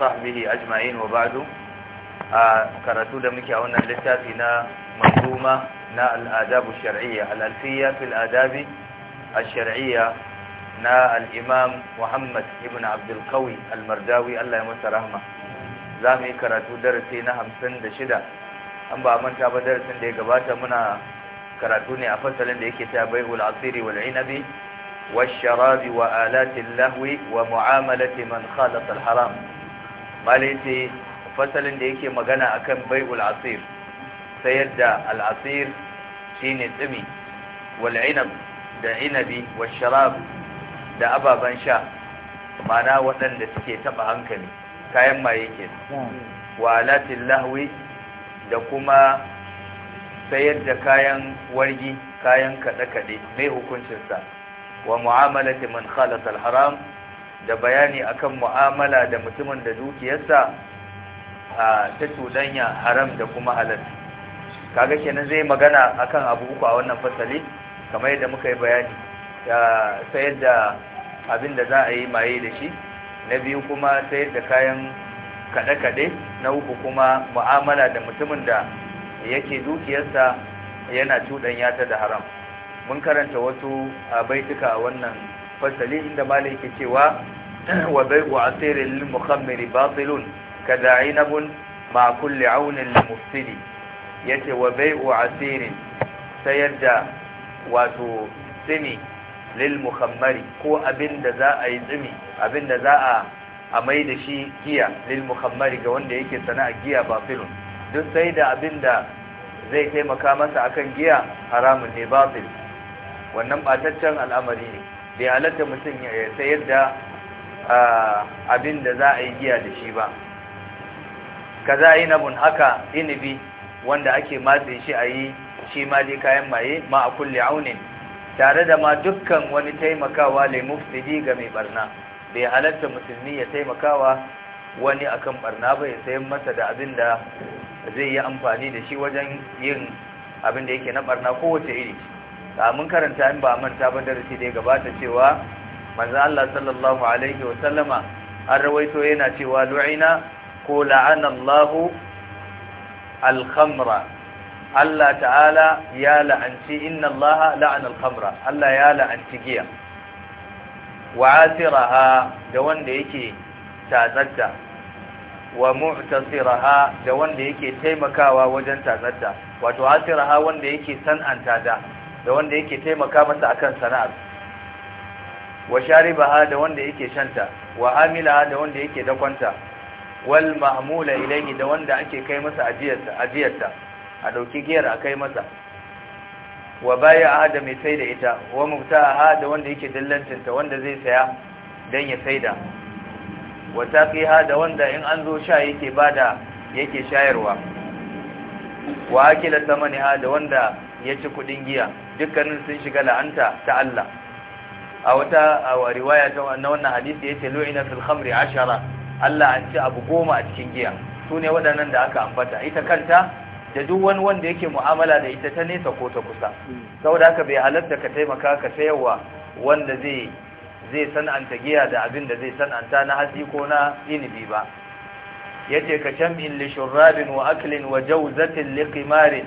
wa أجمعين a karatu da muke a wannan littafi na manzuma na al'adabu shar'iyya al'alfiya fil adabi ash-shar'iyya na al-imam Muhammad ibn Abdul Qawi al-Mardawi Allah ya masa rahma zamu yi karatu darasi na 56 an ba manta ba darasin da ya gabata muna karatu ne a fasalin da yake ta bai'ul asiri wal inabi wash-sharabi wa alati wa mu'amalati man haram malai fasalin da yake magana akan bai'ul asir sayar da al'asir shine tsimi wal inab da inabi wal sharab da ababen sha mana waɗanda suke taɓa hankali kayan maye ke wa alatin lahwi da kuma sayar da kayan wargi kayan kaɗe-kaɗe mai hukuncinsa wa mu'amalati man khalas al-haram da bayani akan mu'amala da mutumin da dukiyarsa ta cuɗanya haram da kuma halal kaga kenan zai magana akan abu uku a wannan fasali kamar yadda muka yi bayani sayar da abin da za a yi maye da shi na biyu kuma sayar da kayan kaɗe-kaɗe na uku kuma mu'amala da mutumin da yake dukiyarsa yana cuɗanya ta da haram mun karanta wasu baituka a wannan fasali inda malai ke cewa وبيع عصير للمخمر باطل كذا عنب مع كل عون للمفسد yace wa bai'u asirin sayar da wato tsimi lil ko abinda za a yi tsimi abinda za a a mai da shi giya lil ga wanda yake sana'a giya ba filin duk sai da abinda zai taimaka masa akan giya haramun ne ba wannan bataccen al'amari ne bai mutum ya sayar da abin da za a yi giya da shi ba kaza inabun haka inibi wanda ake matse shi a yi shi ma dai kayan maye ma a kulle aunin tare da ma dukkan wani taimakawa lai ga mai barna bai halatta musulmi ya taimakawa wani akan barna ba ya sayan masa da abin da zai yi amfani da shi wajen yin abin da yake na barna kowace iri mun karanta in ba manta ba darasi da ya gabata cewa manzo Allah sallallahu alaihi wa sallama an rawaito yana cewa lu'ina ko la'ana al-khamra Allah ta'ala ya la'anci inna Allah la'ana al-khamra Allah ya la'anci giya wa asiraha da wanda yake tatsatta wa mu'tasiraha da wanda yake taimakawa wajen tatsatta wato asiraha wanda yake san'anta da da wanda yake taimaka masa akan sana'ar wa sharibaha da wanda yake shanta wa amilaha da wanda yake dakonta wal mahmula ilayhi da wanda ake kai masa ajiyarta ajiyarta a dauki giyar a kai masa wa bai'aha da mai sai da ita wa mubta'aha da wanda yake dillancinta wanda zai saya dan ya saida wa taqiha da wanda in an zo sha yake bada yake shayarwa wa akila samaniha da wanda ya ci kudin giya dukkanin sun shiga la'anta ta Allah a wata a riwaya ta wannan, wannan hadisi yace lu'ina fil khamri ashara Allah an ci abu goma a cikin giya sune waɗannan da aka ambata ita kanta da duk wani wanda yake mu'amala da ita ta nesa ko ta kusa saboda haka bai halatta ka taimaka ka sayarwa wanda zai zai san'anta giya da abin da zai san'anta na hatsi ko na inibi ba yace ka in li shurrabin wa aklin wa jawzatin li qimarin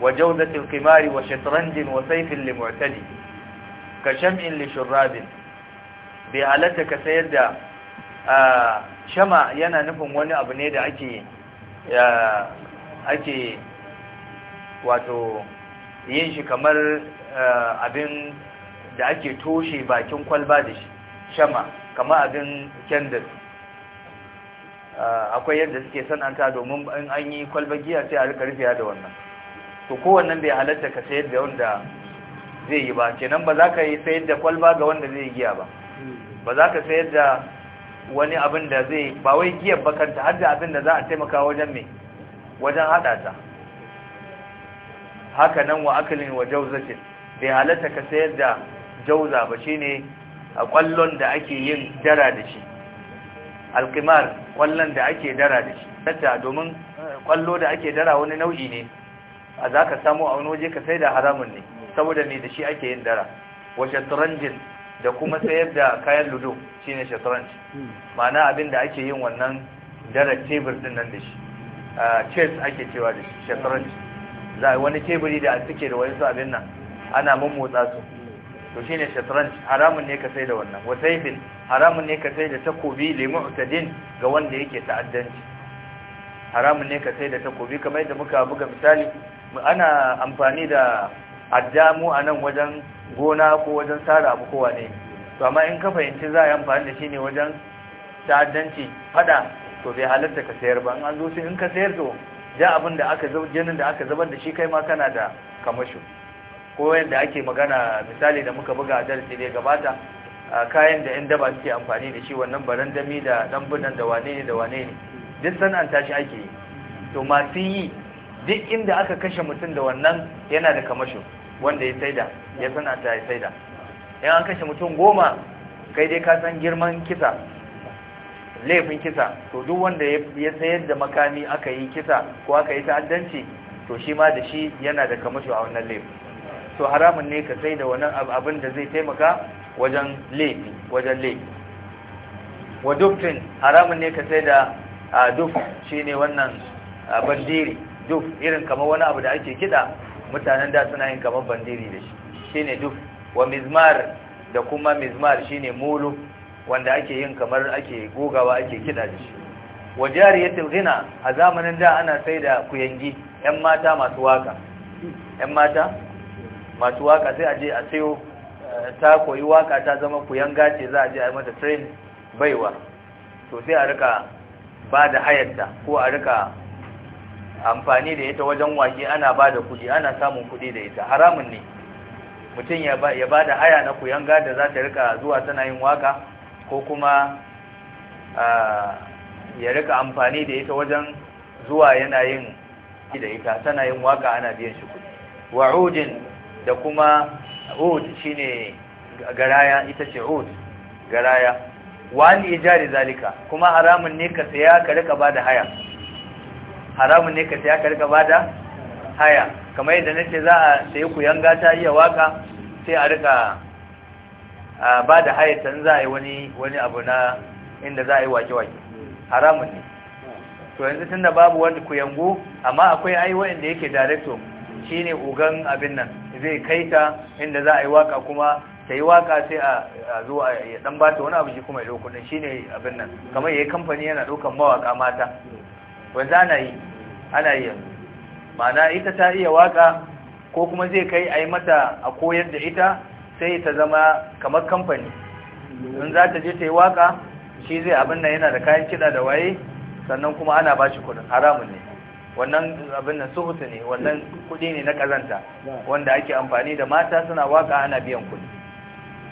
wa jawzatin qimari wa shatranjin wa sayfin li ka sham'in li shurrabin bai halatta ka sayar da shama yana nufin wani abu ne da ake ake wato yin shi kamar abin da ake toshe bakin kwalba da shi shama kamar abin kendal akwai yadda suke sananta domin in an yi kwalba giya sai a rika da wannan to kowannan bai halatta ka sayar da wanda zai yi ba kenan ba za ka yi sayar da kwalba ga wanda zai giya ba ba za ka sayar da wani abin da zai ba wai giyar bakanta har da abin da za a taimaka wajen mai wajen haɗa ta haka nan wa akalin wa jauzatin bai halatta ka sayar da jauza ba shi ne a kwallon da ake yin dara da shi alkimar kwallon da ake dara da shi tatta domin eh, kwallo da ake dara wani nau'i ne a za ka samu a wani waje ka sai da haramun ne saboda me da shi ake yin dara wa shatranjin da kuma sayar da kayan ludo shine shatranj ma'ana abin da ake yin wannan dara tebur din nan da shi chess ake cewa da shatranj za a wani teburi da suke da wani abin nan ana mummotsa su to shine shatranj haramun ne ka sai da wannan wa sayfin haramun ne ka sai da takobi li utadin ga wanda yake ta'addanci haramun ne ka sai da takobi kamar yadda muka buga misali ana amfani da addamu a nan wajen gona ko wajen tsara abu kowa ne to amma in ka fahimci za a yi amfani da shi ne wajen ta'addanci fada to bai halatta ka sayar ba in an zo sai in ka sayar to ja abin da aka jinin da aka zabar da shi kai ma kana da kamasho ko yadda ake magana misali da muka buga a darasi da gabata kayan da 'yan daba suke amfani da shi wannan barandami da dambunan da wane ne da wane ne duk sana'anta shi ake yi to masu yi duk inda aka kashe mutum da wannan yana da kamasho wanda ya saida ya sanata ya saida in an kashe mutum goma kai dai ka san girman kisa laifin kisa to duk wanda ya sayar da makami aka yi kisa ko aka yi ta'addanci to shi ma da shi yana da kamashu a wannan laifin to haramun ne ka sai da wannan abin da zai taimaka wajen laifi wajen laifi wa duftin haramun ne ka sai da duf shine wannan bandiri duf irin kamar wani abu da ake kida mutanen da suna yin kamar bandiri da shi shine duk wa mizmar da kuma mizmar shine mulu wanda ake yin kamar ake gogawa ake kiɗa da shi wa jariyatul ghina a zamanin da ana sai da kuyangi yan mata masu waka yan mata masu waka sai a je a sayo eh, ta koyi waka ta zama kuyanga ce za a je a mata train baiwa to sai a rika ba da hayarta ko a rika amfani da ita wajen waki ana ba da kuɗi ana samun kuɗi da ita haramun ne mutum ya ba da haya na kuyanga da za ta rika zuwa tana yin waka ko kuma ya rika amfani da ita wajen zuwa yana yin da ita tana yin waka ana biyan shi kuɗi wa'udin da kuma ud ne garaya ita ce ud garaya wani ijari zalika kuma haramun ne ka saya ka rika ba da haya haramun ne ka sai aka rika bada haya kamar yadda nace za a ku yanga ta iya waka sai a rika bada haya tan za a yi wani wani abu na inda za a yi wake-wake haramun ne to yanzu tunda babu wani yango amma akwai ai wanda yake director shine ugan abin nan zai kai ta inda za a yi waka kuma ta yi waka sai a zo a dan bata wani abu shi kuma ya dauko shine abin nan kamar yayi kamfani yana daukan mawaka mata wanda ana yi ana yi yanzu ma'ana ita ta iya waka ko kuma zai kai a yi mata a koyar da ita sai ta zama kamar kamfani in za ta je ta yi waka shi zai abin nan yana da kayan kiɗa da waye sannan kuma ana ba shi kudin haramun ne wannan abin nan suhutu ne wannan kudi ne na kazanta wanda ake amfani da mata suna waka ana biyan kudi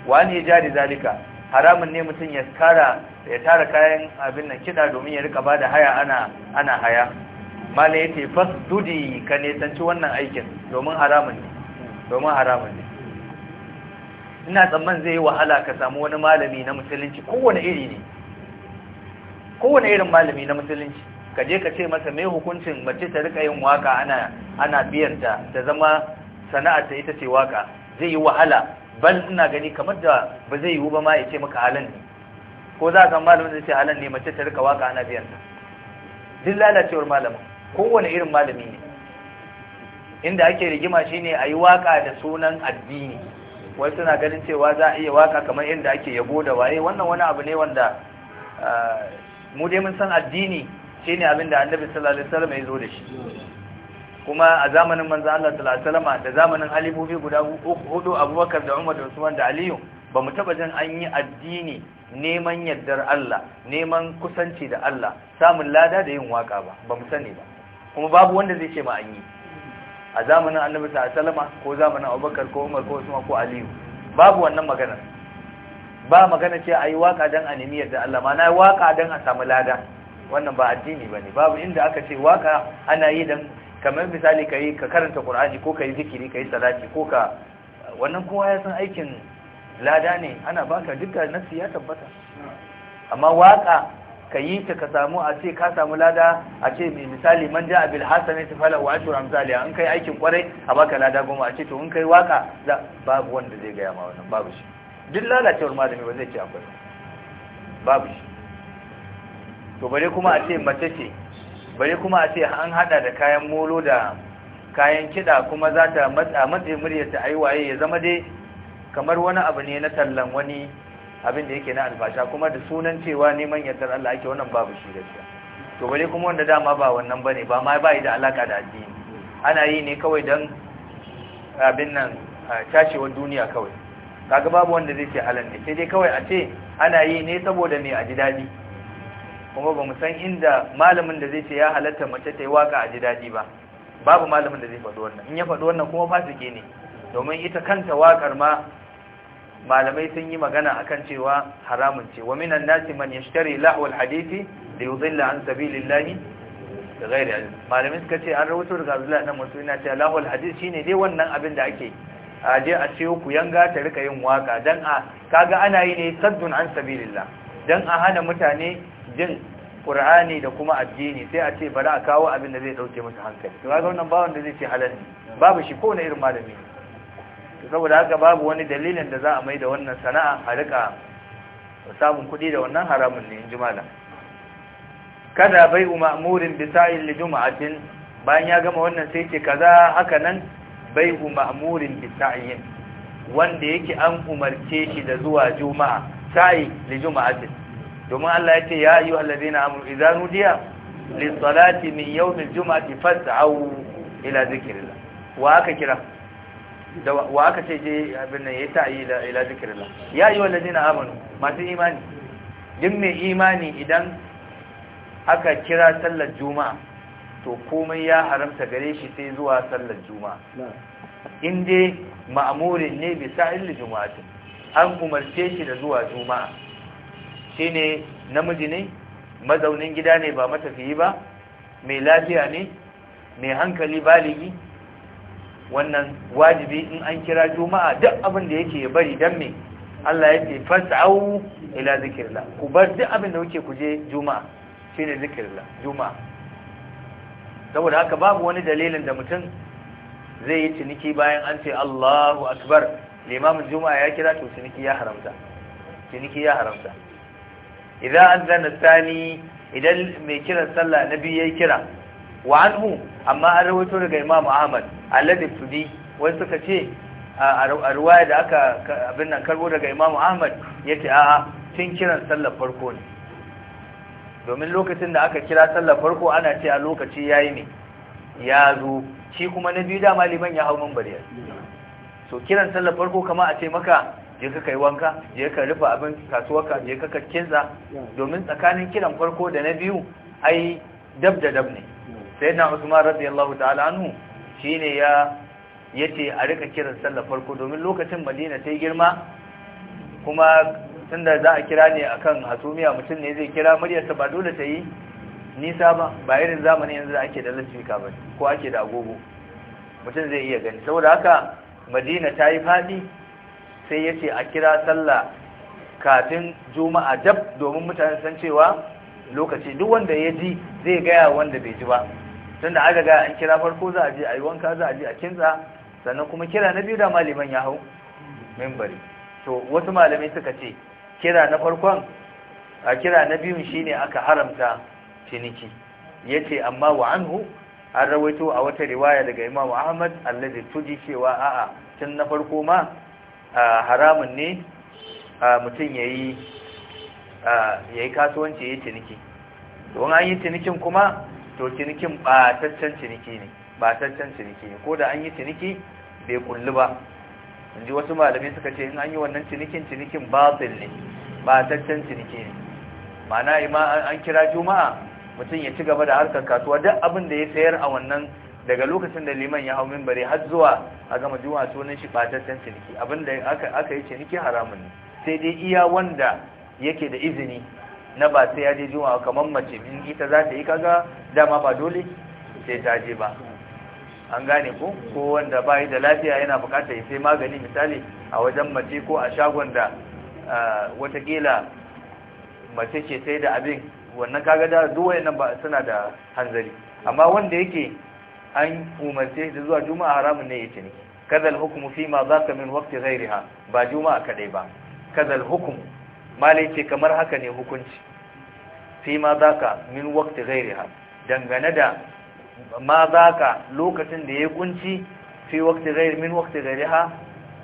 wani ya jari zalika haramun ne mutum ya tara kayan abin nan kiɗa domin ya rika ba da haya ana haya mala yace dudi ka nisanci wannan aikin domin haramun ne domin haramun ne ina tsamman zai yi wahala ka samu wani malami na musulunci kowane iri ne kowane irin malami na musulunci ka je ka ce masa me hukuncin mace ta rika yin waka ana ana biyanta ta zama sana'ar ta ita ce waka zai yi wahala bal ina gani kamar da ba zai yiwu ba ma ya ce maka halan ne ko za ka malamin zai ce halan ne mace ta rika waka ana biyanta duk lalacewar malamin kowane irin malami ne inda ake rigima shine a yi waka da sunan addini wai suna ganin cewa za a iya waka kamar inda ake yabo da waye wannan wani abu ne wanda ah, mu dai mun san addini shi ne abin da annabi sallallahu alaihi wasallam ya zo da shi kuma a zamanin manzo Allah sallallahu alaihi wasallam da zamanin halifofi guda hudu Abubakar da Umar da Usman da Aliyu ba mu taba jin an yi addini neman yardar Allah neman kusanci da Allah samun lada da yin waka ba ba mu sani ba kuma babu wanda zai ce ma an yi a zamanin annabi ta salama ko zamanin abubakar ko umar ko usman ko aliyu babu wannan magana ba magana ce ayi yi waka don a nemi yadda Allah ma na waka don a samu lada wannan ba addini ba ne babu inda aka ce waka ana yi dan kamar misali ka yi ka karanta ƙur'ani ko ka yi zikiri ka yi salati ko ka wannan kowa ya san aikin lada ne ana baka dukkan nasiya nasi ya tabbata amma waka ka yi ta ka samu a ce ka samu lada a ce mai misali man ja abil hasani ta fala wa ashur amsali an kai aikin kwarai a baka lada goma a ce to in kai waka za babu wanda zai gaya ma wannan babu shi duk lalacewar malami ba zai ce akwai babu shi to bare kuma a ce mace ce bare kuma a ce an hada da kayan molo da kayan kida kuma za ta matsa matsayin muryarta ayi waye ya zama dai kamar wani abu ne na tallan wani abin da yake na alfasha kuma da sunan cewa neman yardar Allah ake wannan babu shi gaskiya to bare kuma wanda dama ba wannan bane ba ma bai da alaka da addini ana yi ne kawai dan abin nan tashewar duniya kawai kaga babu wanda zai ce halan ne sai dai kawai a ce ana yi ne saboda a ji dadi kuma ba mu san inda malamin da zai ce ya halatta mace ta yi waka ji dadi ba babu malamin da zai faɗo wannan in ya faɗo wannan kuma fasike ne domin ita kanta wakar ma malamai sun yi magana akan cewa haramun ce wa minan nasi man yashtari lahwal hadisi da yudilla an sabilillahi da gairi malamin suka ce an rawaito daga Abdullah na Musulina ce lahwal hadisi shine dai wannan abin da ake a je a ce ku yanga ta rika yin waka dan a kaga ana yi ne saddun an sabilillah dan a hana mutane jin Qur'ani da kuma addini sai a ce bari a kawo abin da zai dauke musu hankali to kaga wannan bawon da zai ce halal babu shi ko na irin malami saboda haka babu wani dalilin da za a mai da wannan sana'a a rika samun kuɗi da wannan haramun ne in jima'a kada bai ma'murin bi sa'il li juma'atin bayan ya gama wannan sai ce kaza haka nan bai ma'murin bi sa'in wanda yake an umarce shi da zuwa juma'a sa'i li juma'atin domin Allah ya ce ya ayyuha allazina amanu idza nudiya lis salati min yawmil juma'ati au ila dhikrillah wa aka kira da wa aka ce je abin nan yayi ta'ayi da ila zikrillah ya ayyuhal ladina amanu masu imani din mai imani idan aka kira sallar juma'a to komai ya haramta gare shi sai zuwa sallar juma'a in dai ma'murin ne bi sa'il juma'ati an umarce shi da zuwa juma'a shine namiji ne mazaunin gida ne ba matafiyi ba mai lafiya ne mai hankali baligi wannan wajibi in an kira juma'a duk abin da yake bari dan me Allah ya ce fas'au ila zikrillah ku bar duk abin da kuke kuje juma'a shine zikrillah juma'a saboda haka babu wani dalilin da mutum zai yi ciniki bayan an ce Allahu akbar limamin juma'a ya kira to ciniki ya haramta ciniki ya haramta idan an zana sani idan mai kiran sallah na biyu ya kira wa anhu amma an rawaito daga Imam Ahmad alladhi tudi wai suka ce a ruwaya da aka abin nan karbo daga Imam Ahmad yace a'a tun kiran sallar farko ne domin lokacin da aka kira sallar farko ana ce a lokaci yayi ne ya zo shi kuma na biyu dama liman ya hau mambariyar so kiran sallar farko kama a ce maka je ka kai wanka je ka rufe abin kasuwarka je ka kakkinsa domin tsakanin kiran farko da na biyu ai dab da dab ne sai na Usman radiyallahu ta'ala anhu shine ya yace a rika kiran sallar farko domin lokacin Madina ta girma kuma tunda za a kira ne kan hasumiya mutum ne zai kira muryarsa ba dole ta yi nisa ba ba irin zamani yanzu da ake da lasfika ba ko ake da agogo mutum zai iya gani saboda haka madina ta yi fadi sai ya ce a kira sallah kafin juma'a dab domin mutane san cewa lokaci duk wanda ya ji zai gaya wanda bai ji ba tunda aka ga an kira farko za a je a yi wanka za a je a kintsa sannan kuma kira na biyu da maliman ya hau membari to wasu malamai suka ce kira na farkon a kira na biyun shine aka haramta ciniki Ya ce amma wa anhu an rawaito a wata riwaya daga imamu Ahmad allazi tuji cewa a'a tun na farko ma haramun ne mutum ya yi kasuwanci yayi ciniki don an yi cinikin kuma to cinikin ɓataccen ciniki ne ɓataccen ciniki ne ko da an yi ciniki bai kullu ba in ji wasu malamai suka ce in an yi wannan cinikin cinikin batil ne ɓataccen ciniki ne mana ima an kira juma'a mutum ya ci gaba da harkar kasuwa duk abin da ya sayar a wannan daga lokacin da liman ya hau mimbari har zuwa a gama juma'a sunan shi ɓataccen ciniki abin da aka yi ciniki haramun ne sai dai iya wanda yake da izini na ba sai ya je juma kamar mace in ita za ta yi kaga dama ba dole sai ta je ba an gane ko ko wanda ba da lafiya yana bukata ya sai magani misali a wajen mace ko a shagon da watakila mace ce sai da abin wannan kaga da duwaye nan ba suna da hanzari amma wanda yake an umarce da zuwa juma'a haramun ne ya ce ne kazal hukumu fi ma za ka min wakti ghairiha ba juma'a kadai ba kazal hukumu malai ce kamar haka ne hukunci fi ma za ka min gairi ha dangane da ma za ka lokacin da ya kunci fi wakti gairi min gairi ha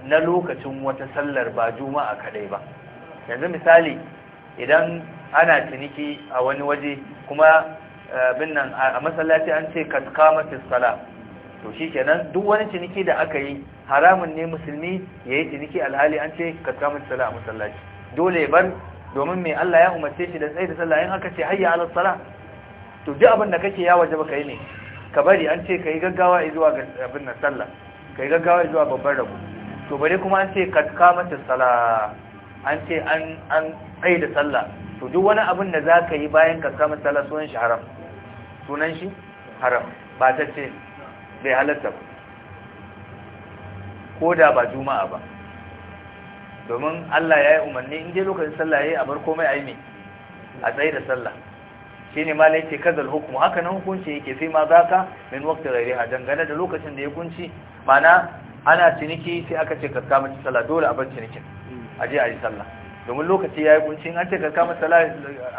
na lokacin wata sallar ba juma'a kadai ba yanzu misali idan ana ciniki a wani waje kuma eh, bin nan a masallaci an ce kad sala to shi kenan duk wani ciniki da aka yi haramun ne musulmi ya yi ciniki alhali an ce kad sala a masallaci dole ban domin mai Allah ya umarce shi da tsaye da sallah in aka ce hayya ala salah to duk abin da kake ya waje baka yi ne ka bari an ce kai gaggawa zuwa ga abin nan sallah kai gaggawa zuwa babban rabu to bare kuma an ce ka mata salah an ce an an tsaye da sallah to duk wani abin da zaka yi bayan ka kama sallah sunan shi haram sunan shi haram ba ta ce bai halatta ko da ba juma'a ba domin Allah ya yi umarni in je lokacin sallah ya yi a bar komai a yi me a tsaye da sallah shine ma yake kadal hukumu haka nan hukunci yake fi ma ka min waqti a dangane da lokacin da ya kunci mana ana ciniki sai aka ce kaska mace sallah dole a bar cinikin je a yi sallah domin lokaci yi kunci an ce kaska mace sallah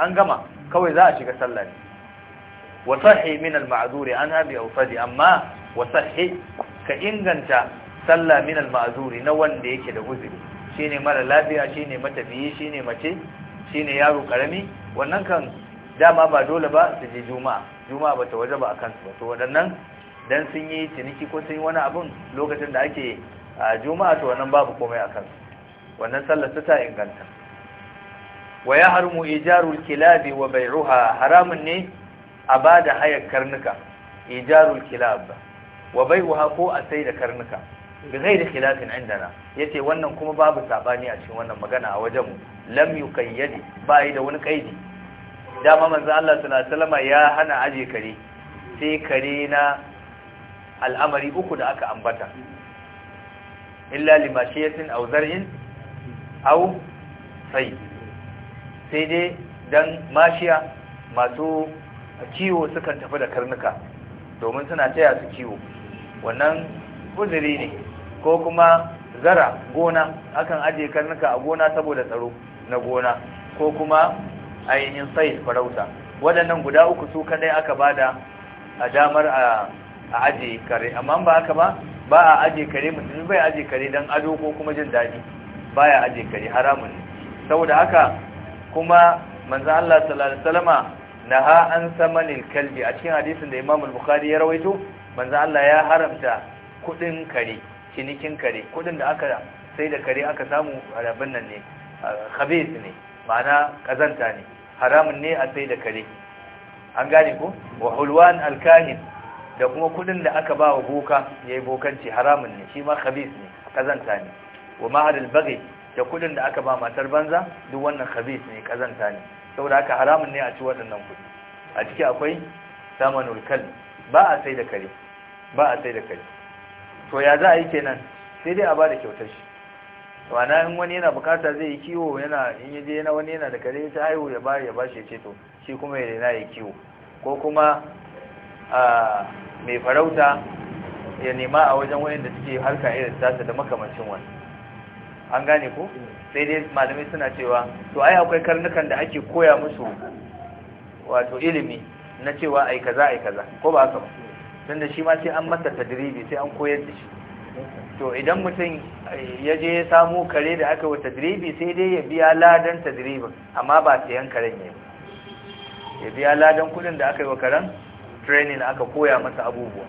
an gama kawai za a shiga sallah ne wa min al an anha bi awsadi amma wa ka inganta sallah min al-ma'zur na wanda yake da uzuri Shi ne mara lafiya shine matafiyi ne mace shi ne yaro karami wannan kan dama ba dole ba su je juma'a juma'a bata waje ba a akan su to waɗannan dan sun yi ciniki ko sun yi wani abun lokacin da ake a juma'a to wannan babu komai a su wannan sallar ta inganta wa harmu ijarul kilabi wa bai'uha haramun ne a ba da hayar karnuka ijarul kilab wa bai'uha ko a sai da karnuka bi da khilafin ya yace wannan kuma babu sabani a cikin wannan magana a wajen mu lam yuqayyad bai da wani kaidi dama manzo Allah sallallahu alaihi wasallam ya hana aje kare sai kare na al'amari uku da aka ambata illa limashiyatin aw zar'in aw sai sai dai dan mashiya masu kiwo sukan tafi da karnuka domin suna taya su kiwo wannan uzuri ne ko kuma zara gona akan aje karnuka a gona saboda tsaro na gona ko kuma ainihin sai farauta waɗannan guda uku su kadai aka bada a damar a aje kare amma ba haka ba ba a aje kare mutum bai aje kare dan ado ko kuma jin daɗi baya aje kare haramun ne saboda haka kuma manzo Allah sallallahu alaihi wasallama naha an samanil kalbi a cikin hadisin da Imam al-Bukhari ya rawaito manzo Allah ya haramta kudin kare cinikin kare kudin da aka sai da kare aka samu harabin nan ne khabis ne ma'ana kazanta ne haramun ne a sai da kare an gane ko wa hulwan alkahin da kuma kudin da aka ba wa boka yayi bokanci haramun ne shi ma khabis ne kazanta ne wa ma'ad albaghi da kudin da aka ba matar banza duk wannan khabis ne kazanta ne saboda haka haramun ne a ci waɗannan kudi a ciki akwai samanul kal ba a sai da kare ba a sai da kare to ya za a yi kenan sai dai a ba da kyautar shi wana in wani yana bukata zai yi kiwo yana in yi je yana wani yana da kare ta haihu ya bari ya ba shi ce to shi kuma ya rena ya kiwo ko kuma a mai farauta ya nema a wajen wayan da suke harka irin tasa da makamancin wani an gane ko sai dai malamai suna cewa to ai akwai karnukan da ake koya musu wato ilimi na cewa ai kaza ai kaza ko ba haka ba da shi ma sai an masa tadribi sai an koyar da shi to idan mutum eh, ya je ya samu kare da aka wa tadribi sai dai ya biya ladan tadribin amma ba sayan karen ne ya biya ladan kudin da aka yi wa karen training aka koya masa abubuwa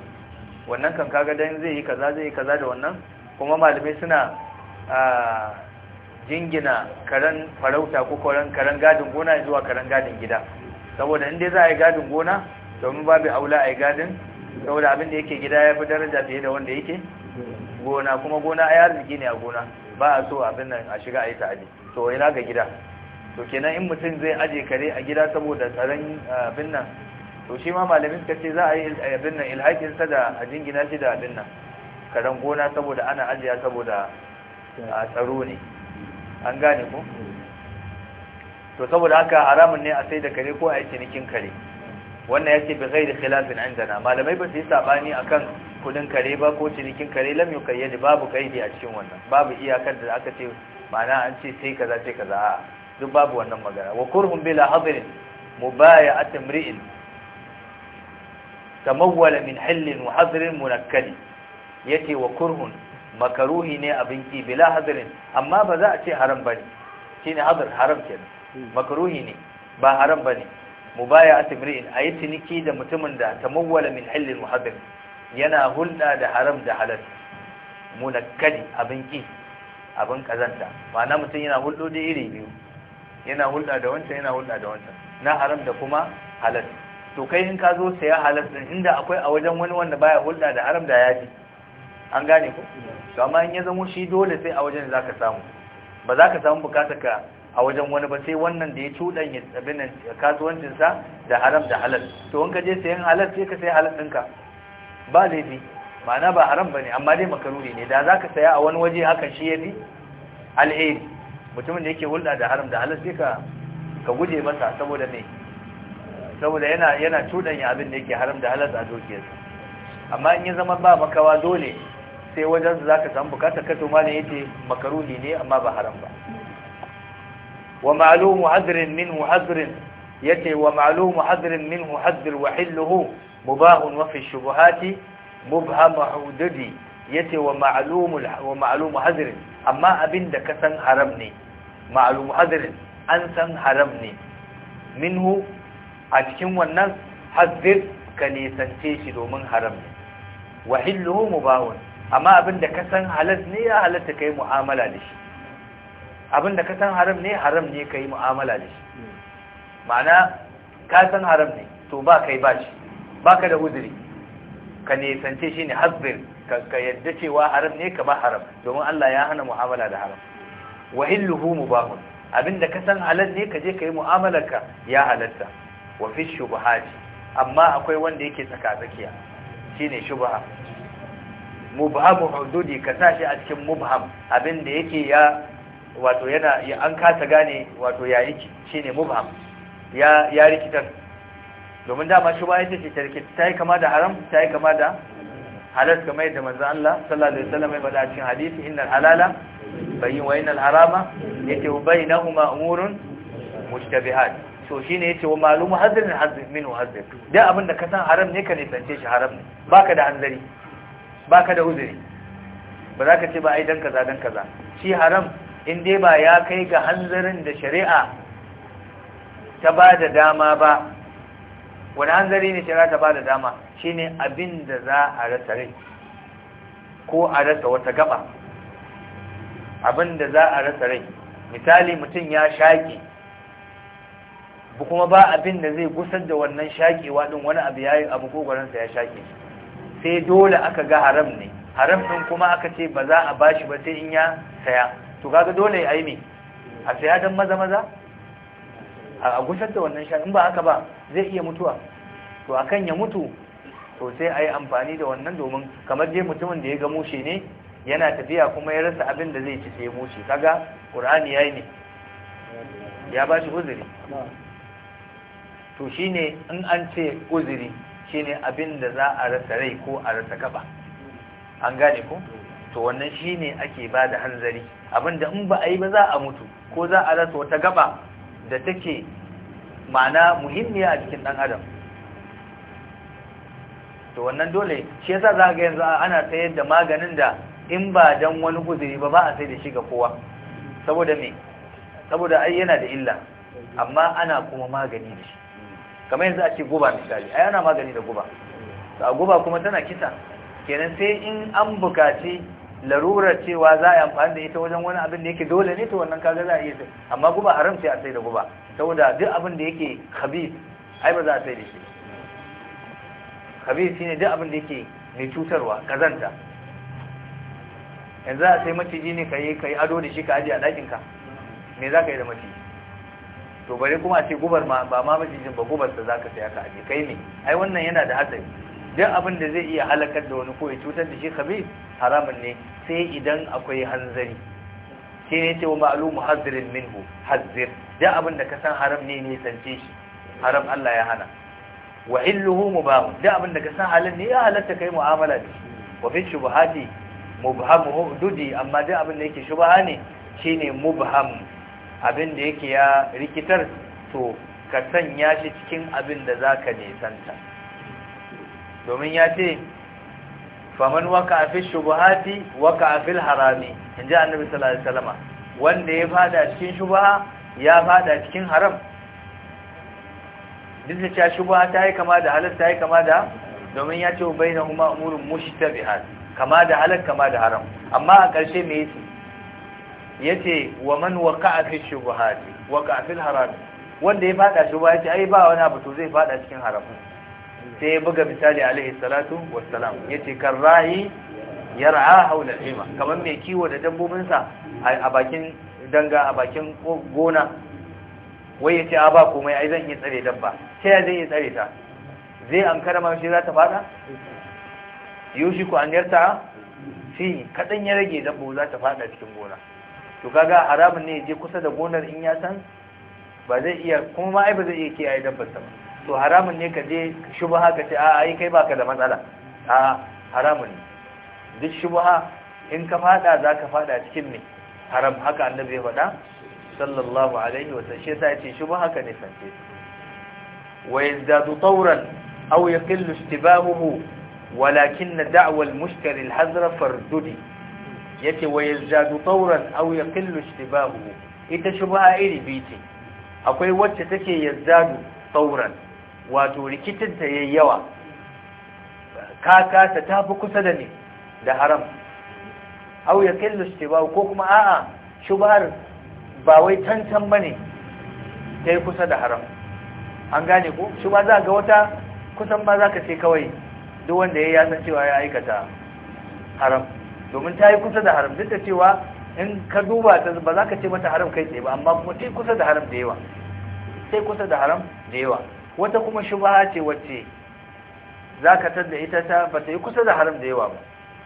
wannan kan kaga dan zai yi kaza zai yi kaza da wannan kuma malamai suna jingina karen farauta ko karen gadin gona zuwa karen gadin gida saboda inda za a yi gadin gona domin babu aula a yi gadin saboda abin da yake gida ya fi daraja fiye da wanda yake gona kuma gona ai arziki ne a gona ba a so abin nan a shiga a yi ta'adi to na ga gida to kenan in mutum zai aje kare a gida saboda tsaron eh, abin nan to shi ma malamin suka ce za a yi eh, abin nan ilhakin sa da a jingina shi da abin nan karen gona saboda ana ajiya saboda a eh, tsaro ne an gane ko to saboda haka haramun ne a sai da kare ko a yi cinikin kare wannan ya ce bi da khilafin na malamai ba su yi sabani kan kudin kare ba ko cinikin kare kayyar da babu kaidi a cikin wannan babu iyakar da aka ce ma'ana an ce sai kaza sai kaza a duk babu wannan magana wa kurhum bila hadr mubaya'at ta tamawwala min hillin wa hadrin munakkali ce wa kurhun makaruhi ne abin ki bila hazirin amma ba za a ce haram ba ne shine hadr haram kenan makaruhi ne ba haram ba ne. mubaya'at A ayi ciniki da mutumin da tamawwala min halil muhabbin yana hulɗa da haram da halal munakkadi abin ki abin kazanta ma'ana mutum yana hulɗo da iri biyu yana hulɗa da wancan yana hulɗa da wancan na haram da kuma halal to kai in ka zo saya halal din inda akwai a wajen wani wanda baya hulɗa da haram da yaji an gane ko to amma in ya zamo shi dole sai a wajen zaka samu ba za ka samu bukatar ka a wajen wani ba sai wannan da ya cuɗan ya kasuwancinsa da haram da halal to wanka ka je sayan halal sai ka sayi halal ɗinka ba laifi ma'ana ba haram ba ne amma dai makaruri ne da za ka saya a wani waje hakan shi ya fi alheri mutumin da yake hulɗa da haram da halal sai ka ka guje masa saboda me saboda yana yana cuɗanya abin da yake haram da halal a dukiyarsa amma in ya zama ba makawa dole sai wajen za ka samu bukatar kato malam yace makaruri ne amma ba haram ba wa ma'lumu hadrin minhu hadrin yace wa ma'lumu hadrin minhu hadir wa mubahun wa shubuhati mubham hududi yace wa wa ma'lumu hadrin amma abinda ka san haram ne ma'lumu an san haram ne minhu a cikin wannan hadir ka nisance shi domin haram ne mubahun amma abinda ka san ne ya halarta kai mu'amala da shi abinda ka san haram ne haram ne ka yi mu'amala da shi hmm. ma'ana ka san haram ne to ba kai ba shi ba ka da uzuri ka nesance shi ne hasbir ka yadda cewa haram ne ka ba haram domin Allah ya hana mu'amala da haram wa hilluhu mubahun abinda ka san halal ne ka je ka yi ka ya halatta wa fi shubahati amma akwai wanda yake tsaka-tsakiya shine shubha mubhamu hududi ka sa shi a cikin mubham abinda yake ya wato yana an kasa gane wato ya yake ne mubham ya ya rikitar domin dama shi ba ita ce ta rikita ta yi kama da haram ta yi kama da halal kamar yadda manzo Allah sallallahu alaihi wasallam ya faɗa cikin hadisi innal halala bayyin wa innal harama yake bainahuma umurun mushtabihat to shine yace wa malumu hazrin hazrin min hazrin da abin da ka san haram ne ka ne sance shi haram ne baka da hanzari baka da uzuri ba za ka ce ba ai dan kaza dan kaza shi haram in dai ba ya kai ga hanzarin da shari'a ta ba da dama ba wani hanzari ne shari'a ta ba da dama ne abin da za a rasa rai ko a rasa wata gaba abin da za a rasa rai misali mutum ya shaƙe kuma ba abin da zai gusar da wannan shaƙewa ɗin wani abu ya yi abu kogoransa ya shaƙe sai dole aka ga haram ne haram ɗin kuma aka ce ba za a bashi ba sai in ya saya to kaga dole ya mai, a saya don maza maza a gusar da wannan shan in ba haka ba zai iya mutuwa to akan ya mutu to sai a yi amfani da wannan domin kamar je mutumin da ya ga mushe ne yana tafiya kuma ya rasa abin da zai ci sai mushe kaga ƙur'ani ya yi ne ya ba shi uzuri to shine in an ce uzuri shine abin da za a rasa rai ko a rasa gaba an gane ko to wannan shine ake ba da hanzari abinda in ba a yi ba za a mutu ko za a rasa wata gaba da take ma'ana muhimmiya a cikin ɗan adam to wannan dole shi yasa za ga yanzu ana sayar da maganin da in ba dan wani guzuri ba ba a sai da shi ga kowa saboda me saboda ai yana da illa amma ana kuma magani da shi kamar yanzu a ce guba misali ai ana magani da guba a guba kuma tana kisa kenan sai in an bukaci larurar cewa za a yi amfani da ita wajen wani abin da yake dole ne to wannan kaga za a iya sai amma guba haram ce a sai da guba saboda duk abin da yake khabith ai ba za a sai da shi khabith shine duk abin da yake mai cutarwa kazanta yanzu a sai maciji ne kai kai ado da shi ka aje a dakin ka me za ka yi da maciji to bare kuma a ce gubar ma ba ma macijin ba gubar sa za ka sai ka aje kai ne ai wannan yana da hatsari duk abin da zai iya halakar da wani ko ya cutar da shi kabe haramun ne sai idan akwai hanzari shi ne ce wa ma'lumu hazrin minhu hazir duk abin da ka san haram ne ne sance shi haram Allah ya hana wa illuhu mubah duk abin da ka san halin ne ya halatta kai mu'amala da shi wa fi shubuhati mubhamu dudi amma duk abin da yake shubha ne shine mubham abin da yake ya rikitar to ka sanya shi cikin abin da zaka nisanta domin ya ce faman waka a fi shubuhati waka a fil harami in ji annabi sallallahu alaihi wasallama wanda ya fada cikin shubuha ya fada cikin haram duk da cewa shubuha ta yi kama da halal ta yi kama da domin ya ce bai na kuma umurin mushtabihat kama da halal kama da haram amma a ƙarshe me yace yace wa man waqa'a fi shubuhati a fil harami. wanda ya fada shubuha ce ai ba wani abu to zai fada cikin haram sai ya buga misali alaihi salatu wassalam yace karrahi yar'a haula al-hima kamar mai kiwo da dabbobinsa a bakin danga a bakin gona wai ya ce a ba komai ai zan yi tsare dabba sai ya zai yi tsare ta zai an ma shi za ta fada ku an yarta fi kadan ya rage dabbo za ta fada cikin gona to kaga haramun ne je kusa da gonar in ya san ba zai iya kuma ma ai ba zai iya kiyaye dabbar ta ba to haramun ne ka je shubha ka ce a ai kai baka da matsala a haramun ne duk shubha in ka fada zaka fada cikin me haram haka annabi ya faɗa sallallahu alaihi wa sallam shi yasa yace shubha ka ne sanke wa yazdadu tawran aw yaqillu istibahuhu walakin da'wa al-mushtari al-hazra fardudi yace wa yazdadu tawran aw yaqillu istibahuhu ita shubha iri biyu akwai wacce take yazdadu tauran wato rikicinta ya yi yawa kakata ta fi kusa da ne da haram au ya kallu shi ba ko kuma a'a shubar ba wai tantan bane ta yi kusa da haram an gane ko shuba za ga wata kusan ba za ka ce kawai duk wanda ya yasa cewa ya aikata haram domin ta yi kusa da haram duk da cewa in ka duba ta ba za ka ce mata haram kai tsaye ba amma kuma ta kusa da haram da yawa sai kusa da haram da yawa wata kuma shubha ce wacce za ka da ita ta ba ta yi kusa da haram da yawa ba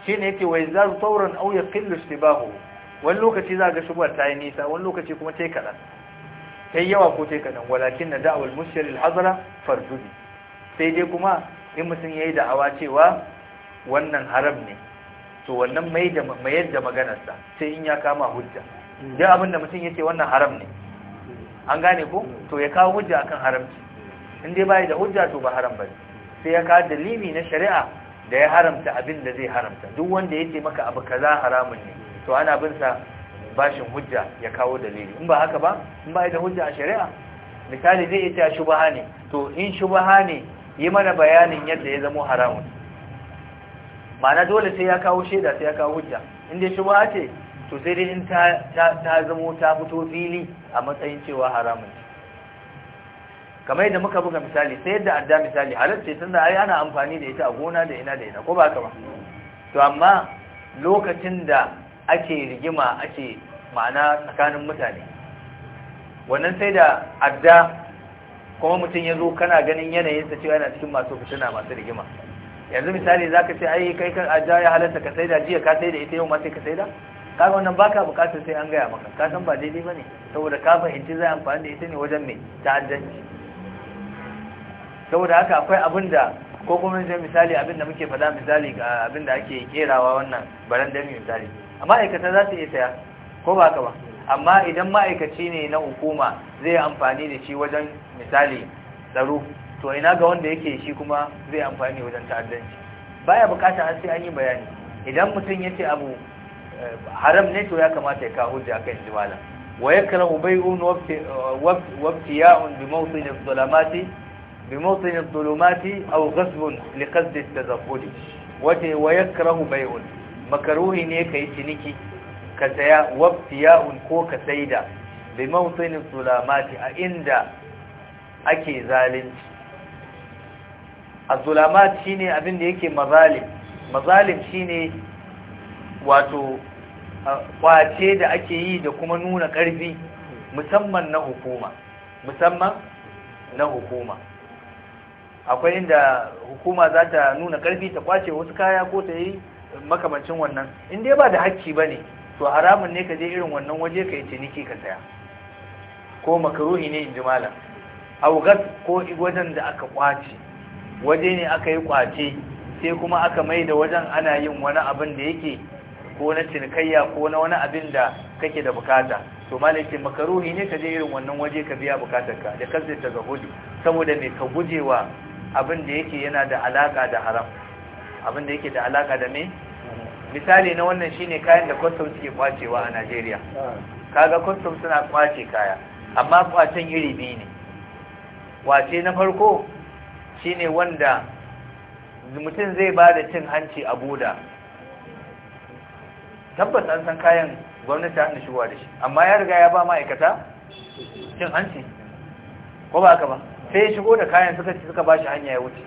Shi shine yake wai za zaru tawran aw ba istibahu wani lokaci za ga shubar ta yi nisa wani lokaci kuma ta yi kaɗan ta yi yawa ko ta yi kaɗan walakin na da'awar mushiyar hazara fardudi sai dai kuma in mutum ya yi da'awa cewa wannan haram ne to wannan mayar da maganarsa sai in ya kama hujja duk abin da mutum ya ce wannan haram ne an gane ko to ya kawo hujja akan haramci in dai bai da hujja to ba haram bane sai ya ka dalili na shari'a da ya haramta abin da zai haramta duk wanda ya ce maka abu kaza haramun ne to ana bin sa bashin hujja ya kawo dalili in ba haka ba in bai da hujja a shari'a misali zai ta shubaha ne to in shubaha ne yi mana bayanin yadda ya zama haramun mana dole sai ya kawo shaida sai ya kawo hujja in dai shubaha ce to sai dai in ta ta zama ta fito fili a matsayin cewa haramun kamar yadda muka buga misali sai yadda adda misali halarce tun da ai ana amfani da ita a gona da ina da ina ko ba ka ba to amma lokacin da ake rigima ake ma'ana tsakanin mutane wannan sai da adda kuma mutum ya zo kana ganin yanayin sa cewa yana cikin masu fitina masu rigima yanzu misali za ka ce ai kai kan adda ya halarta ka saida jiya ka saida ita yau ma sai ka saida kaga wannan baka bukatar sai an gaya maka ka san ba daidai bane saboda ka fahimci zai amfani da ita ne wajen mai ta'addanci saboda haka akwai abin da ko kuma zai misali abin da muke fada misali ga abin da ake kerawa wannan baran dami misali amma aikata za su iya saya ko ba ka ba amma idan ma'aikaci ne na hukuma zai amfani da shi wajen misali tsaro to ina ga wanda yake shi kuma zai amfani wajen ta'addanci baya bukata har sai an yi bayani idan mutum ya ce abu eh, haram ne to ya kamata ya kawo hujja kan jimala wa yakrahu bai'un wabtiya'un bi mawsil adh-dhalamati بموطن الظلمات او غصب لقصد التدخل وجه ويكره بيع مكروه نيك يتنكي كسياء وابتياء كو كسيدا بموطن الظلمات عند اكي ظالم الظلمات شيني أبن ديكي مظالم مظالم شيني واتو kwace da ake yi da kuma nuna ƙarfi musamman na hukuma musamman na hukuma akwai inda hukuma za ta nuna karfi ta kwace wasu kaya ko ta yi makamancin wannan in dai ba da hakki ba ne to haramun ne ka je irin wannan waje ka yi ciniki ka saya ko makaruhi ne in ji malam augat ko wajen da aka kwace waje ne aka yi kwace sai kuma aka mai da wajen ana yin wani abin da yake ko na cinikayya ko na wani abin da kake da bukata to malam ce makaruhi ne ka je irin wannan waje ka biya bukatarka da kasance daga hudu saboda mai ka gujewa abin da yake yana da alaka da haram abin da yake da alaka da me misali na wannan shine kayan da customs suke kwacewa a Najeriya kaga customs suna kwace kaya amma kwacen iri biyu ne Wace na farko shine wanda mutum zai ba da cin hanci a buda tabbas an san kayan gwamnati ta shigowa da shi amma ya riga ya ba ma'aikata cin hanci ko ba haka ba sai ya shigo da kayan suka ci suka bashi hanya ya wuce